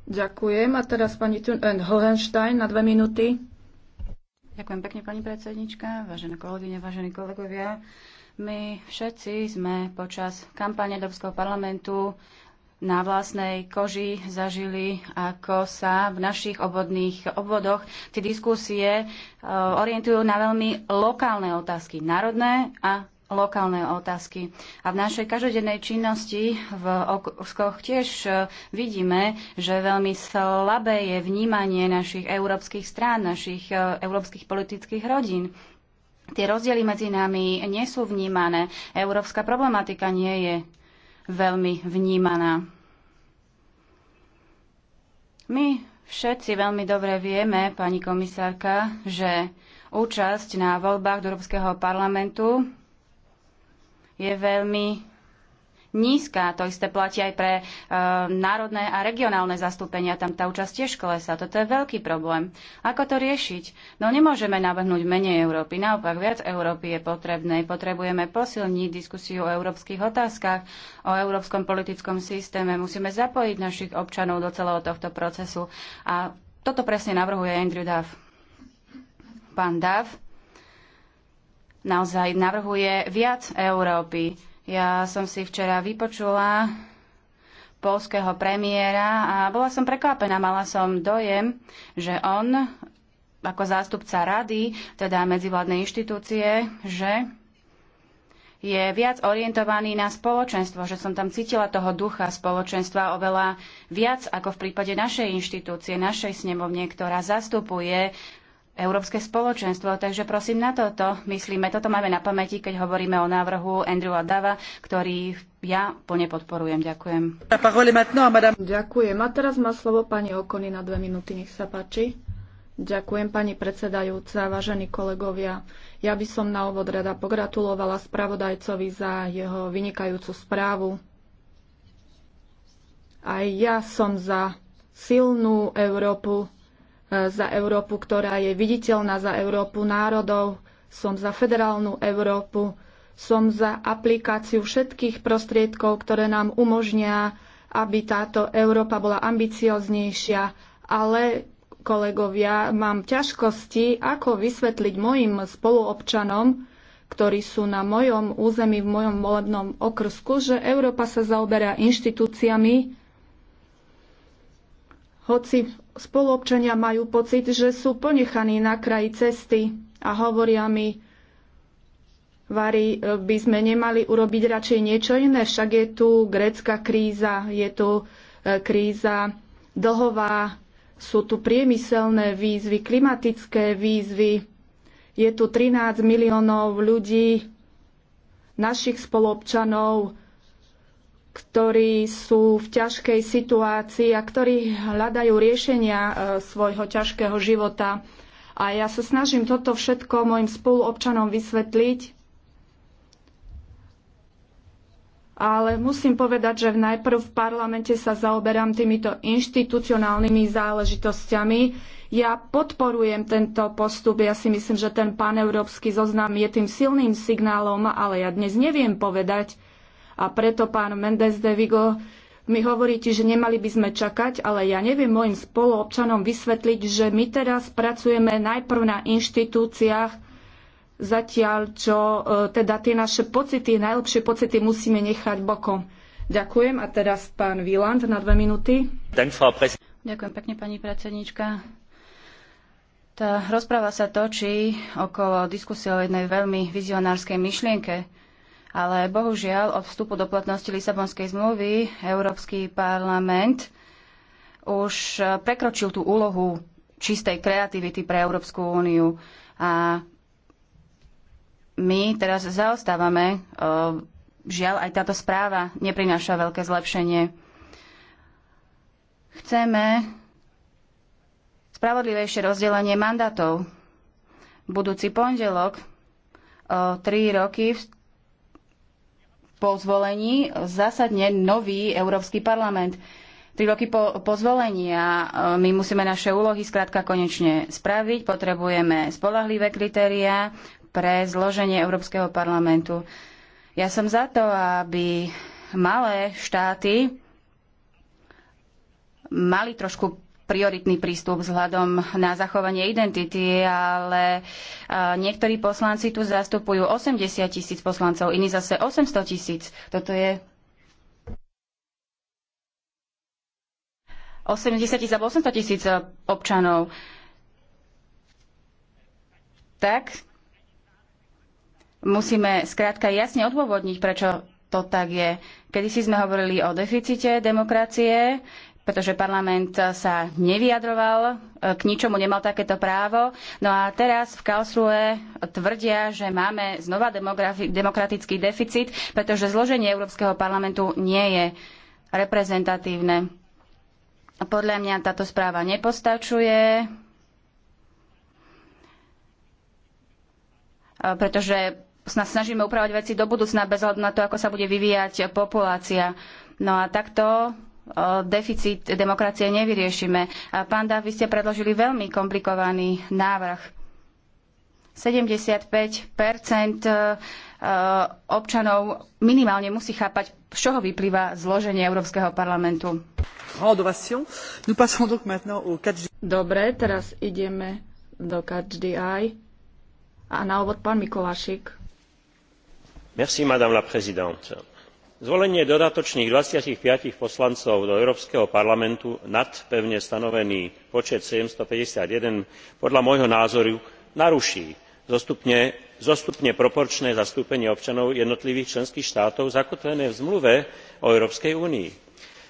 Ďakujem. A teraz pani Thun Hohenstein na dve minúty. Ďakujem pekne, pani predsednička, vážené kolegyne, vážení kolegovia. My všetci sme počas kampane Európskeho parlamentu na vlastnej koži zažili, ako sa v našich obvodných obvodoch tie diskusie e, orientujú na veľmi lokálne otázky, národné a lokálne otázky. A v našej každodennej činnosti v okoskoch tiež e, vidíme, že veľmi slabé je vnímanie našich európskych strán, našich e, európskych politických rodín. Tie rozdiely medzi nami nie sú vnímané. Európska problematika nie je veľmi vnímaná. My všetci veľmi dobre vieme, pani komisárka, že účasť na voľbách do Európskeho parlamentu je veľmi nízka. To isté platí aj pre e, národné a regionálne zastúpenia. Tam tá účasť tiež klesá. Toto je veľký problém. Ako to riešiť? No nemôžeme navrhnúť menej Európy. Naopak, viac Európy je potrebné. Potrebujeme posilniť diskusiu o európskych otázkach, o európskom politickom systéme. Musíme zapojiť našich občanov do celého tohto procesu. A toto presne navrhuje Andrew Duff. Pán Duff naozaj navrhuje viac Európy. Ja som si včera vypočula polského premiéra a bola som prekvapená. Mala som dojem, že on ako zástupca rady, teda medzivládnej inštitúcie, že je viac orientovaný na spoločenstvo, že som tam cítila toho ducha spoločenstva oveľa viac ako v prípade našej inštitúcie, našej snemovne, ktorá zastupuje Európske spoločenstvo. Takže prosím na toto myslíme, toto máme na pamäti, keď hovoríme o návrhu Andrewa Dava, ktorý ja plne podporujem. Ďakujem. Ďakujem. A teraz má slovo pani Okony na dve minúty. Nech sa páči. Ďakujem, pani predsedajúca, vážení kolegovia. Ja by som na ovod rada pogratulovala spravodajcovi za jeho vynikajúcu správu. Aj ja som za silnú Európu, Eh, za Európu, ktorá je viditeľná za Európu národov, som za federálnu Európu, som za aplikáciu všetkých prostriedkov, ktoré nám umožnia, aby táto Európa bola ambicioznejšia, ale kolegovia, mám ťažkosti, ako vysvetliť mojim spoluobčanom, ktorí sú na mojom území, v mojom volebnom okrsku, že Európa sa zaoberá inštitúciami, hoci spoluobčania majú pocit, že sú ponechaní na kraji cesty a hovoria mi, Vary, by sme nemali urobiť radšej niečo iné, však je tu grécka kríza, je tu e, kríza dlhová, sú tu priemyselné výzvy, klimatické výzvy, je tu 13 miliónov ľudí, našich spolobčanov, ktorí sú v ťažkej situácii a ktorí hľadajú riešenia e, svojho ťažkého života. A ja sa snažím toto všetko mojim spoluobčanom vysvetliť, ale musím povedať, že najprv v parlamente sa zaoberám týmito inštitucionálnymi záležitosťami. Ja podporujem tento postup, ja si myslím, že ten paneurópsky zoznam je tým silným signálom, ale ja dnes neviem povedať, a preto pán Mendes de Vigo mi hovoríte, že nemali by sme čakať, ale ja neviem mojim spoluobčanom vysvetliť, že my teraz pracujeme najprv na inštitúciách, zatiaľ čo e, teda tie naše pocity, najlepšie pocity musíme nechať bokom. Ďakujem a teraz pán Wieland na dve minúty. Ďakujem pekne, pani predsednička. Tá rozpráva sa točí okolo diskusie o jednej veľmi vizionárskej myšlienke, ale bohužiaľ od vstupu do platnosti Lisabonskej zmluvy Európsky parlament už e, prekročil tú úlohu čistej kreativity pre Európsku úniu. A my teraz zaostávame. E, žiaľ, aj táto správa neprináša veľké zlepšenie. Chceme spravodlivejšie rozdelenie mandátov. Budúci pondelok o e, tri roky po zvolení zásadne nový Európsky parlament. Tri roky po, po zvolení a e, my musíme naše úlohy skrátka konečne spraviť. Potrebujeme spolahlivé kritériá pre zloženie Európskeho parlamentu. Ja som za to, aby malé štáty mali trošku prioritný prístup vzhľadom na zachovanie identity, ale niektorí poslanci tu zastupujú 80 tisíc poslancov, iní zase 800 tisíc. Toto je 80 tisíc alebo 800 tisíc občanov. Tak musíme skrátka jasne odôvodniť, prečo to tak je. Kedy si sme hovorili o deficite demokracie, pretože parlament sa nevyjadroval, e, k ničomu nemal takéto právo. No a teraz v Karlsruhe tvrdia, že máme znova demokratický deficit, pretože zloženie Európskeho parlamentu nie je reprezentatívne. Podľa mňa táto správa nepostačuje, e, pretože sa snažíme upravať veci do budúcna bez hľadu na to, ako sa bude vyvíjať populácia. No a takto E, deficit demokracie nevyriešime. Pán Dáv, vy ste predložili veľmi komplikovaný návrh. 75 e, občanov minimálne musí chápať, z čoho vyplýva zloženie Európskeho parlamentu. Dobre, teraz ideme do CatchDI. A na úvod pán Mikolášik. Merci, madame la présidente zvolenie dodatočných twenty five poslancov do európskeho parlamentu nad pevne stanovený počet seven hundred and fifty one podľa môjho názoru naruší zostupne proporčné zastúpenie občanov jednotlivých členských štátov zakotvené v zmluve o európskej únii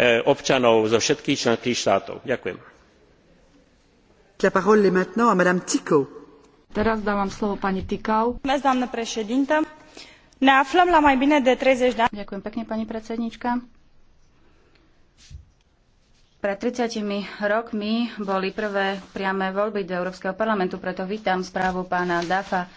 E, občanov zo všetkých členských štátov. ďakujem. Pred tridsiatimi rokmi boli prvé priame voľby do Európskeho parlamentu, preto vítam správu pána duffa.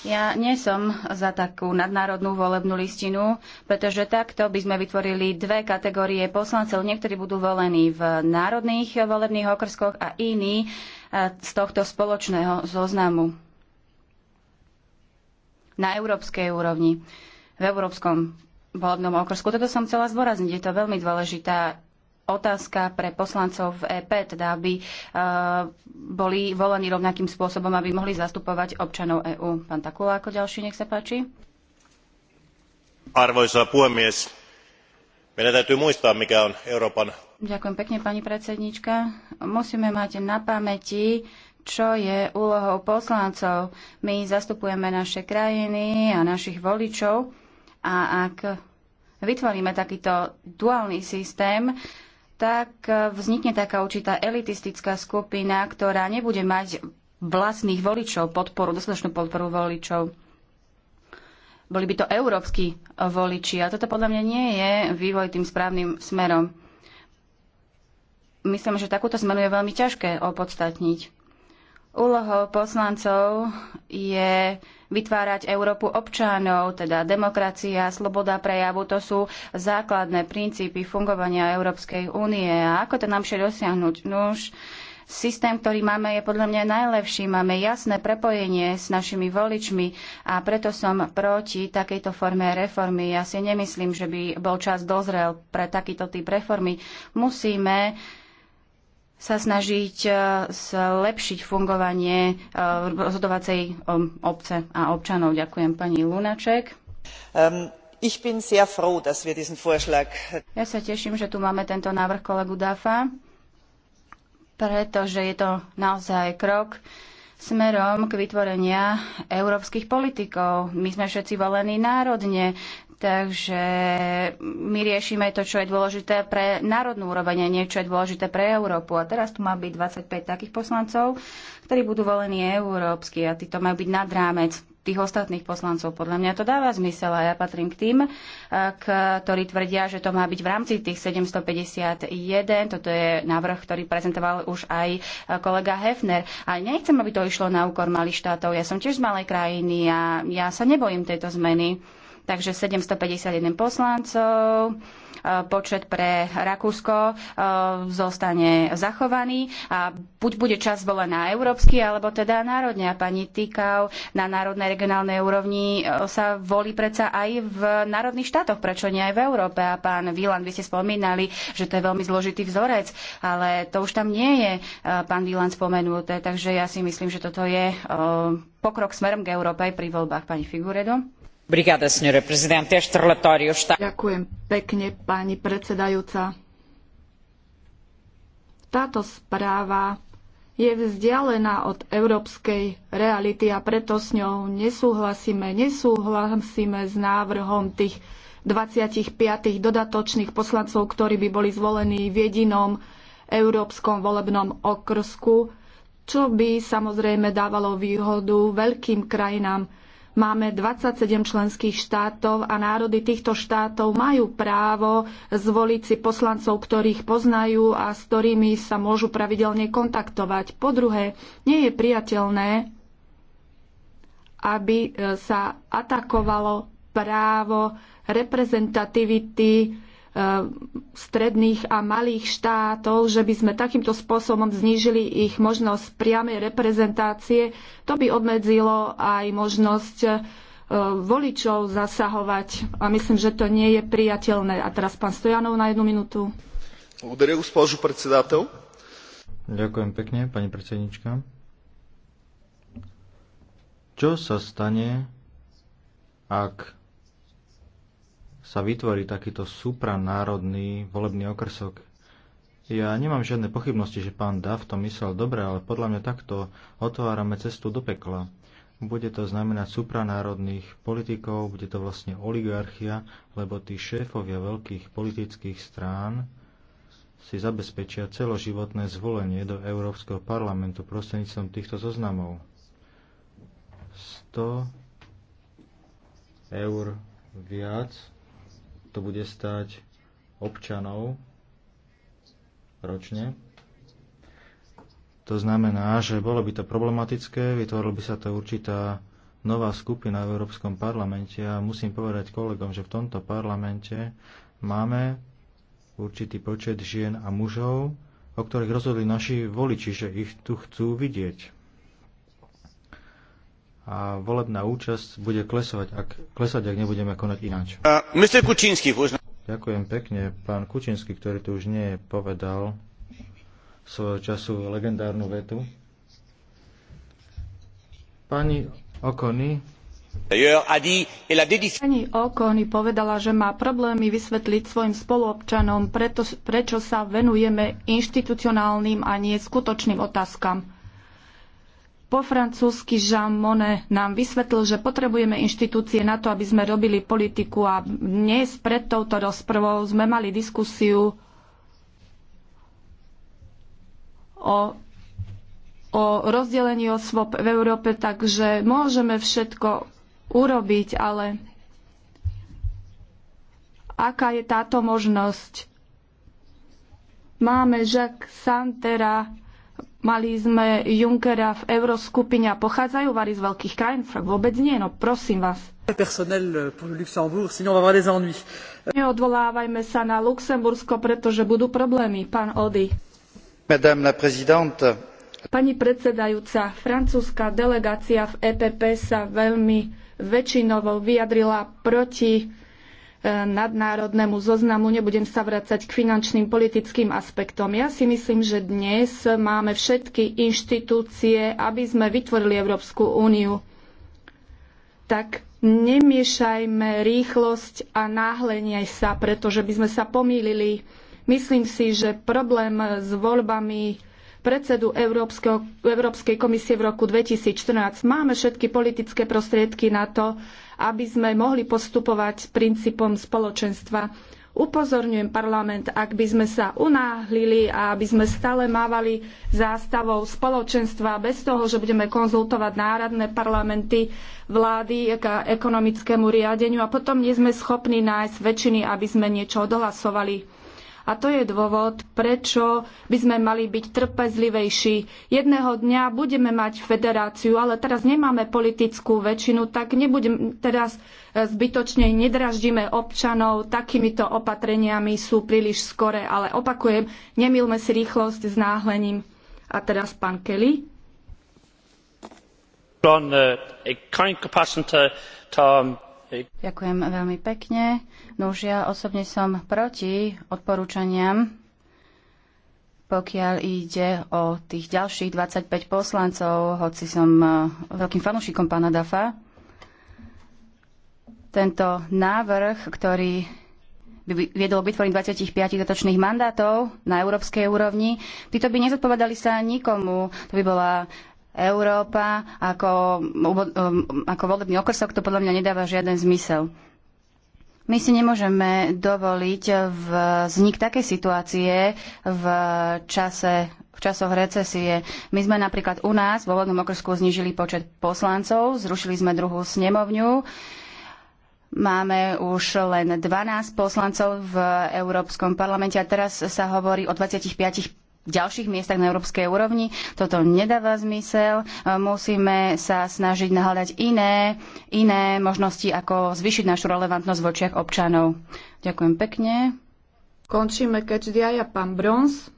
Ja nie som za takú nadnárodnú volebnú listinu, pretože takto by sme vytvorili dve kategórie poslancov. Niektorí budú volení v národných volebných okrskoch a iní e, z tohto spoločného zoznamu na európskej úrovni, v európskom volebnom okrsku. Toto som chcela zdôrazniť. Je to veľmi dôležitá otázka pre poslancov v EP, teda aby e, boli volení rovnakým spôsobom, aby mohli zastupovať občanov EÚ. Pán Takula ako ďalší, nech sa páči. Arvoisa puhemies, meidän täytyy muistaa, mikä on Euroopan... Ďakujem pekne, pani predsednička. Musíme mať na pamäti, čo je úlohou poslancov. My zastupujeme naše krajiny a našich voličov a ak vytvoríme takýto duálny systém, tak vznikne taká určitá elitistická skupina, ktorá nebude mať vlastných voličov podporu, dostatočnú podporu voličov. Boli by to európsky voliči a toto podľa mňa nie je vývoj tým správnym smerom. Myslím, že takúto zmenu je veľmi ťažké opodstatniť. Úlohou poslancov je vytvárať Európu občanov, teda demokracia, sloboda prejavu, to sú základné princípy fungovania Európskej únie. A ako to nám všetko dosiahnuť? Nuž, Systém, ktorý máme, je podľa mňa najlepší. Máme jasné prepojenie s našimi voličmi a preto som proti takejto forme reformy. Ja si nemyslím, že by bol čas dozrel pre takýto typ reformy. Musíme sa snažiť e, zlepšiť fungovanie e, rozhodovacej e, obce a občanov. Ďakujem pani Lunaček. Um, ich bin sehr froh, dass wir diesen Vorschlag... Ja sa teším, že tu máme tento návrh kolegu Dafa, pretože je to naozaj krok smerom k vytvorenia európskych politikov. My sme všetci volení národne. Takže my riešime to, čo je dôležité pre národnú úroveň a niečo je dôležité pre Európu. A teraz tu má byť 25 takých poslancov, ktorí budú volení európsky a títo majú byť nad rámec tých ostatných poslancov. Podľa mňa to dáva zmysel a ja patrím k tým, eh, ktorí tvrdia, že to má byť v rámci tých 751. Toto je návrh, ktorý prezentoval už aj eh, kolega Hefner. A nechcem, aby to išlo na úkor malých štátov. Ja som tiež z malej krajiny a ja sa nebojím tejto zmeny takže 751 poslancov, e, počet pre Rakúsko e, zostane zachovaný a buď bude čas zvolená európsky, alebo teda národne. A pani Týkau na národnej regionálnej úrovni e, sa volí predsa aj v národných štátoch, prečo nie aj v Európe. A pán Vilan, vy ste spomínali, že to je veľmi zložitý vzorec, ale to už tam nie je, pán Vilan spomenuté. Takže ja si myslím, že toto je pokrok smerom k Európe aj pri voľbách, pani Figuredo. Ďakujem pekne, pani predsedajúca. Táto správa je vzdialená od európskej reality a preto s ňou nesúhlasíme. Nesúhlasíme s návrhom tých 25 dodatočných poslancov, ktorí by boli zvolení v jedinom európskom volebnom okrsku, čo by samozrejme dávalo výhodu veľkým krajinám Máme 27 členských štátov a národy týchto štátov majú právo zvoliť si poslancov, ktorých poznajú a s ktorými sa môžu pravidelne kontaktovať. Po druhé, nie je priateľné, aby e, sa atakovalo právo reprezentativity stredných a malých štátov, že by sme takýmto spôsobom znížili ich možnosť priamej reprezentácie, to by obmedzilo aj možnosť e, voličov zasahovať a myslím, že to nie je priateľné. A teraz pán Stojanov na jednu minútu. Ďakujem pekne, pani predsednička. Čo sa stane, ak sa vytvorí takýto supranárodný volebný okrsok. Ja nemám žiadne pochybnosti, že pán Dav to myslel dobre, ale podľa mňa takto otvárame cestu do pekla. Bude to znamenať supranárodných politikov, bude to vlastne oligarchia, lebo tí šéfovia veľkých politických strán si zabezpečia celoživotné zvolenie do Európskeho parlamentu prostredníctvom týchto zoznamov. 100 eur viac to bude stať občanov ročne. To znamená, že bolo by to problematické, vytvorila by sa to určitá nová skupina v Európskom parlamente a musím povedať kolegom, že v tomto parlamente máme určitý počet žien a mužov, o ktorých rozhodli naši voliči, že ich tu chcú vidieť a volebná účasť bude klesovať, ak, klesať, ak nebudeme konať ináč. Mr. Kučínsky, Ďakujem pekne. Pán Kučinsky, ktorý tu už nie povedal svojho času legendárnu vetu. Pani Okony, Pani Okony povedala, že má problémy vysvetliť svojim spoluobčanom, preto, prečo sa venujeme inštitucionálnym a nie skutočným otázkam. Po francúzsky Jean Monnet nám vysvetlil, že potrebujeme inštitúcie na to, aby sme robili politiku a dnes pred touto rozprvou sme mali diskusiu o, o rozdelení osôb v Európe, takže môžeme všetko urobiť, ale aká je táto možnosť? Máme Jacques Santera, Mali sme Junckera v euroskupine a pochádzajú vari z veľkých krajín, však vôbec nie, no prosím vás. Euh, Neodvolávajme sa na Luxembursko, pretože budú problémy, pán Ody. Pani predsedajúca, francúzska delegácia v EPP sa veľmi väčšinovo vyjadrila proti E, nadnárodnému zoznamu. Nebudem sa vrácať k finančným politickým aspektom. Ja si myslím, že dnes máme všetky inštitúcie, aby sme vytvorili Európsku úniu. Tak nemiešajme rýchlosť a náhlenie sa, pretože by sme sa pomýlili. Myslím si, že problém s voľbami predsedu Európskeho, Európskej komisie v roku 2014. Máme všetky politické prostriedky na to, aby sme mohli postupovať princípom spoločenstva. Upozorňujem parlament, ak by sme sa unáhlili a aby sme stále mávali zástavou spoločenstva bez toho, že budeme konzultovať národné parlamenty, vlády k ekonomickému riadeniu a potom nie sme schopní nájsť väčšiny, aby sme niečo odhlasovali a to je dôvod, prečo by sme mali byť trpezlivejší. Jedného dňa budeme mať federáciu, ale teraz nemáme politickú väčšinu, tak nebudem teraz e, zbytočne nedraždíme občanov. Takýmito opatreniami sú príliš skore, ale opakujem, nemilme si rýchlosť s náhlením. A teraz pán Kelly. Pán e, e, uh, um, Ďakujem veľmi pekne. No už ja osobne som proti odporúčaniam, pokiaľ ide o tých ďalších 25 poslancov, hoci som e, veľkým fanúšikom pána Dafa. Tento návrh, ktorý by viedol k vytvoreniu 25 dotočných mandátov na európskej úrovni. Títo by nezodpovedali sa nikomu. To by bola Európa ako, um, ako volebný okrsok, to podľa mňa nedáva žiaden zmysel. My si nemôžeme dovoliť vznik takej situácie v čase v časoch recesie. My sme napríklad u nás vo voľnom okrsku znižili počet poslancov, zrušili sme druhú snemovňu. Máme už len 12 poslancov v Európskom parlamente a teraz sa hovorí o 25 ďalších miestach na európskej úrovni. Toto nedáva zmysel. E, musíme sa snažiť nahľadať iné, iné možnosti, ako zvýšiť našu relevantnosť v očiach občanov. Ďakujem pekne. Končíme ja the eye pán Brons.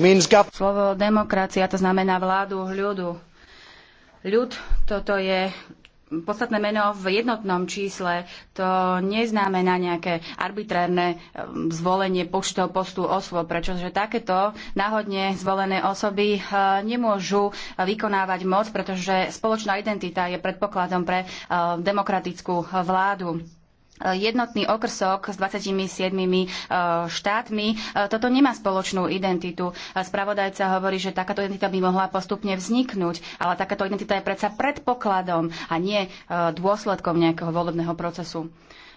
Means... Slovo demokracia to znamená vládu ľudu. Ľud toto je podstatné meno v jednotnom čísle, to neznamená nejaké arbitrárne eh, zvolenie počtov postu osôb, pretože takéto náhodne zvolené osoby eh, nemôžu vykonávať moc, pretože spoločná identita je predpokladom pre eh, demokratickú vládu jednotný okrsok s 27 e, štátmi. E, toto nemá spoločnú identitu. Spravodajca hovorí, že takáto identita by mohla postupne vzniknúť, ale takáto identita je predsa predpokladom a nie e, dôsledkom nejakého volebného procesu.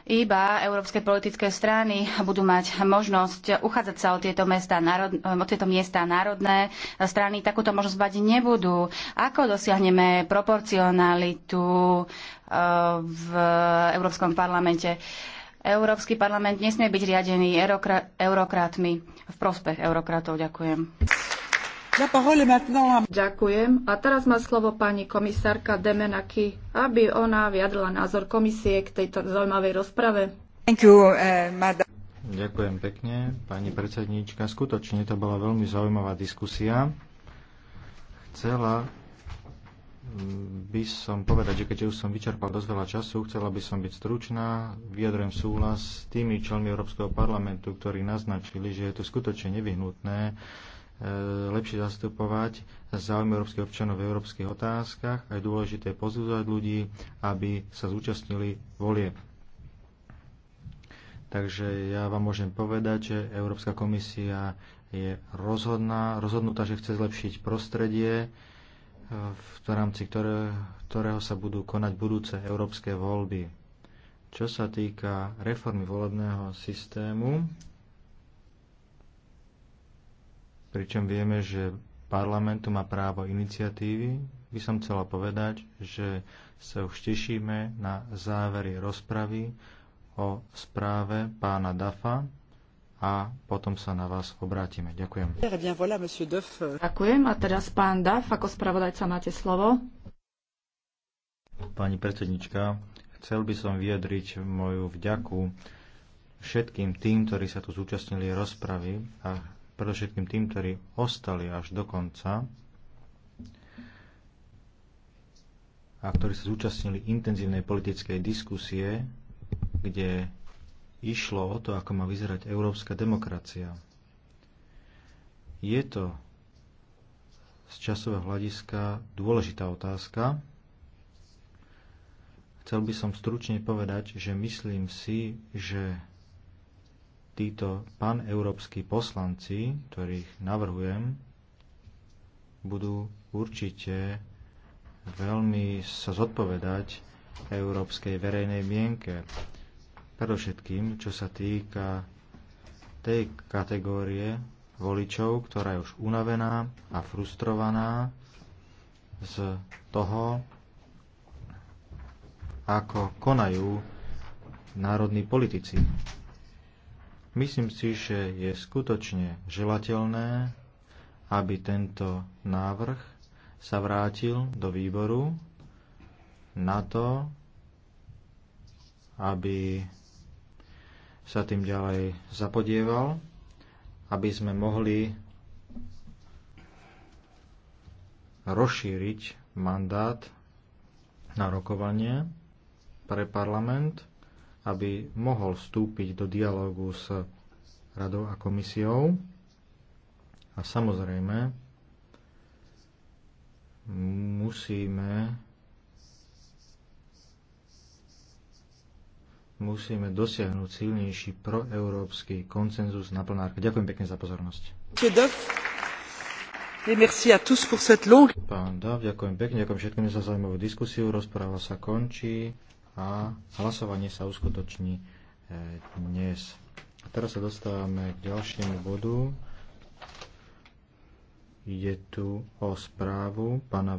Iba európske politické strany budú mať možnosť uchádzať sa o tieto, mesta, národ, o tieto miesta národné. Strany takúto možnosť mať nebudú. Ako dosiahneme proporcionalitu e, v Európskom parlamente? Európsky parlament nesmie byť riadený eurokratmi v prospech eurokratov. Ďakujem. Ďakujem. A teraz má slovo pani komisárka Demenaki, aby ona vyjadrila názor komisie k tejto zaujímavej rozprave. You, uh, Ďakujem pekne, pani predsedníčka. Skutočne to bola veľmi zaujímavá diskusia. Chcela mm, by som povedať, že keďže už som vyčerpal dosť veľa času, chcela by som byť stručná, vyjadrujem súhlas s tými členmi Európskeho parlamentu, ktorí naznačili, že je to skutočne nevyhnutné E, lepšie zastupovať záujmy európskych občanov v európskych otázkach a je dôležité pozúzať ľudí, aby sa zúčastnili volieb. Takže ja vám môžem povedať, že Európska komisia je rozhodná, rozhodnutá, že chce zlepšiť prostredie, e, v rámci ktoré, ktorého sa budú konať budúce európske voľby. Čo sa týka reformy volebného systému, pričom vieme, že parlamentu má právo iniciatívy, by som chcela povedať, že sa už tešíme na závery rozpravy o správe pána Dafa a potom sa na vás obrátime. Ďakujem. Eh Ďakujem a teraz pán Daf, ako spravodajca máte slovo. Pani predsednička, chcel by som vyjadriť moju vďaku všetkým tým, ktorí sa tu zúčastnili rozpravy a predovšetkým tým, ktorí ostali až do konca a ktorí sa zúčastnili intenzívnej politickej diskusie, kde išlo o to, ako má vyzerať európska demokracia. Je to z časového hľadiska dôležitá otázka. Chcel by som stručne povedať, že myslím si, že títo paneurópsky poslanci, ktorých navrhujem, budú určite veľmi sa zodpovedať európskej verejnej mienke. Predovšetkým, čo sa týka tej kategórie voličov, ktorá je už unavená a frustrovaná z toho, ako konajú národní politici. Myslím si, že je skutočne želateľné, aby tento návrh sa vrátil do výboru na to, aby sa tým ďalej zapodieval, aby sme mohli rozšíriť mandát na rokovanie pre parlament aby mohol vstúpiť do dialogu s radou a komisiou. A samozrejme, musíme musíme dosiahnuť silnejší proeurópsky koncenzus na plnárke. Ďakujem pekne za pozornosť. Pán Dav, ďakujem pekne, ďakujem všetkým za zaujímavú diskusiu. Rozpráva sa končí a hlasovanie sa uskutoční e, dnes. A teraz sa dostávame k ďalšiemu bodu. Ide tu o správu pána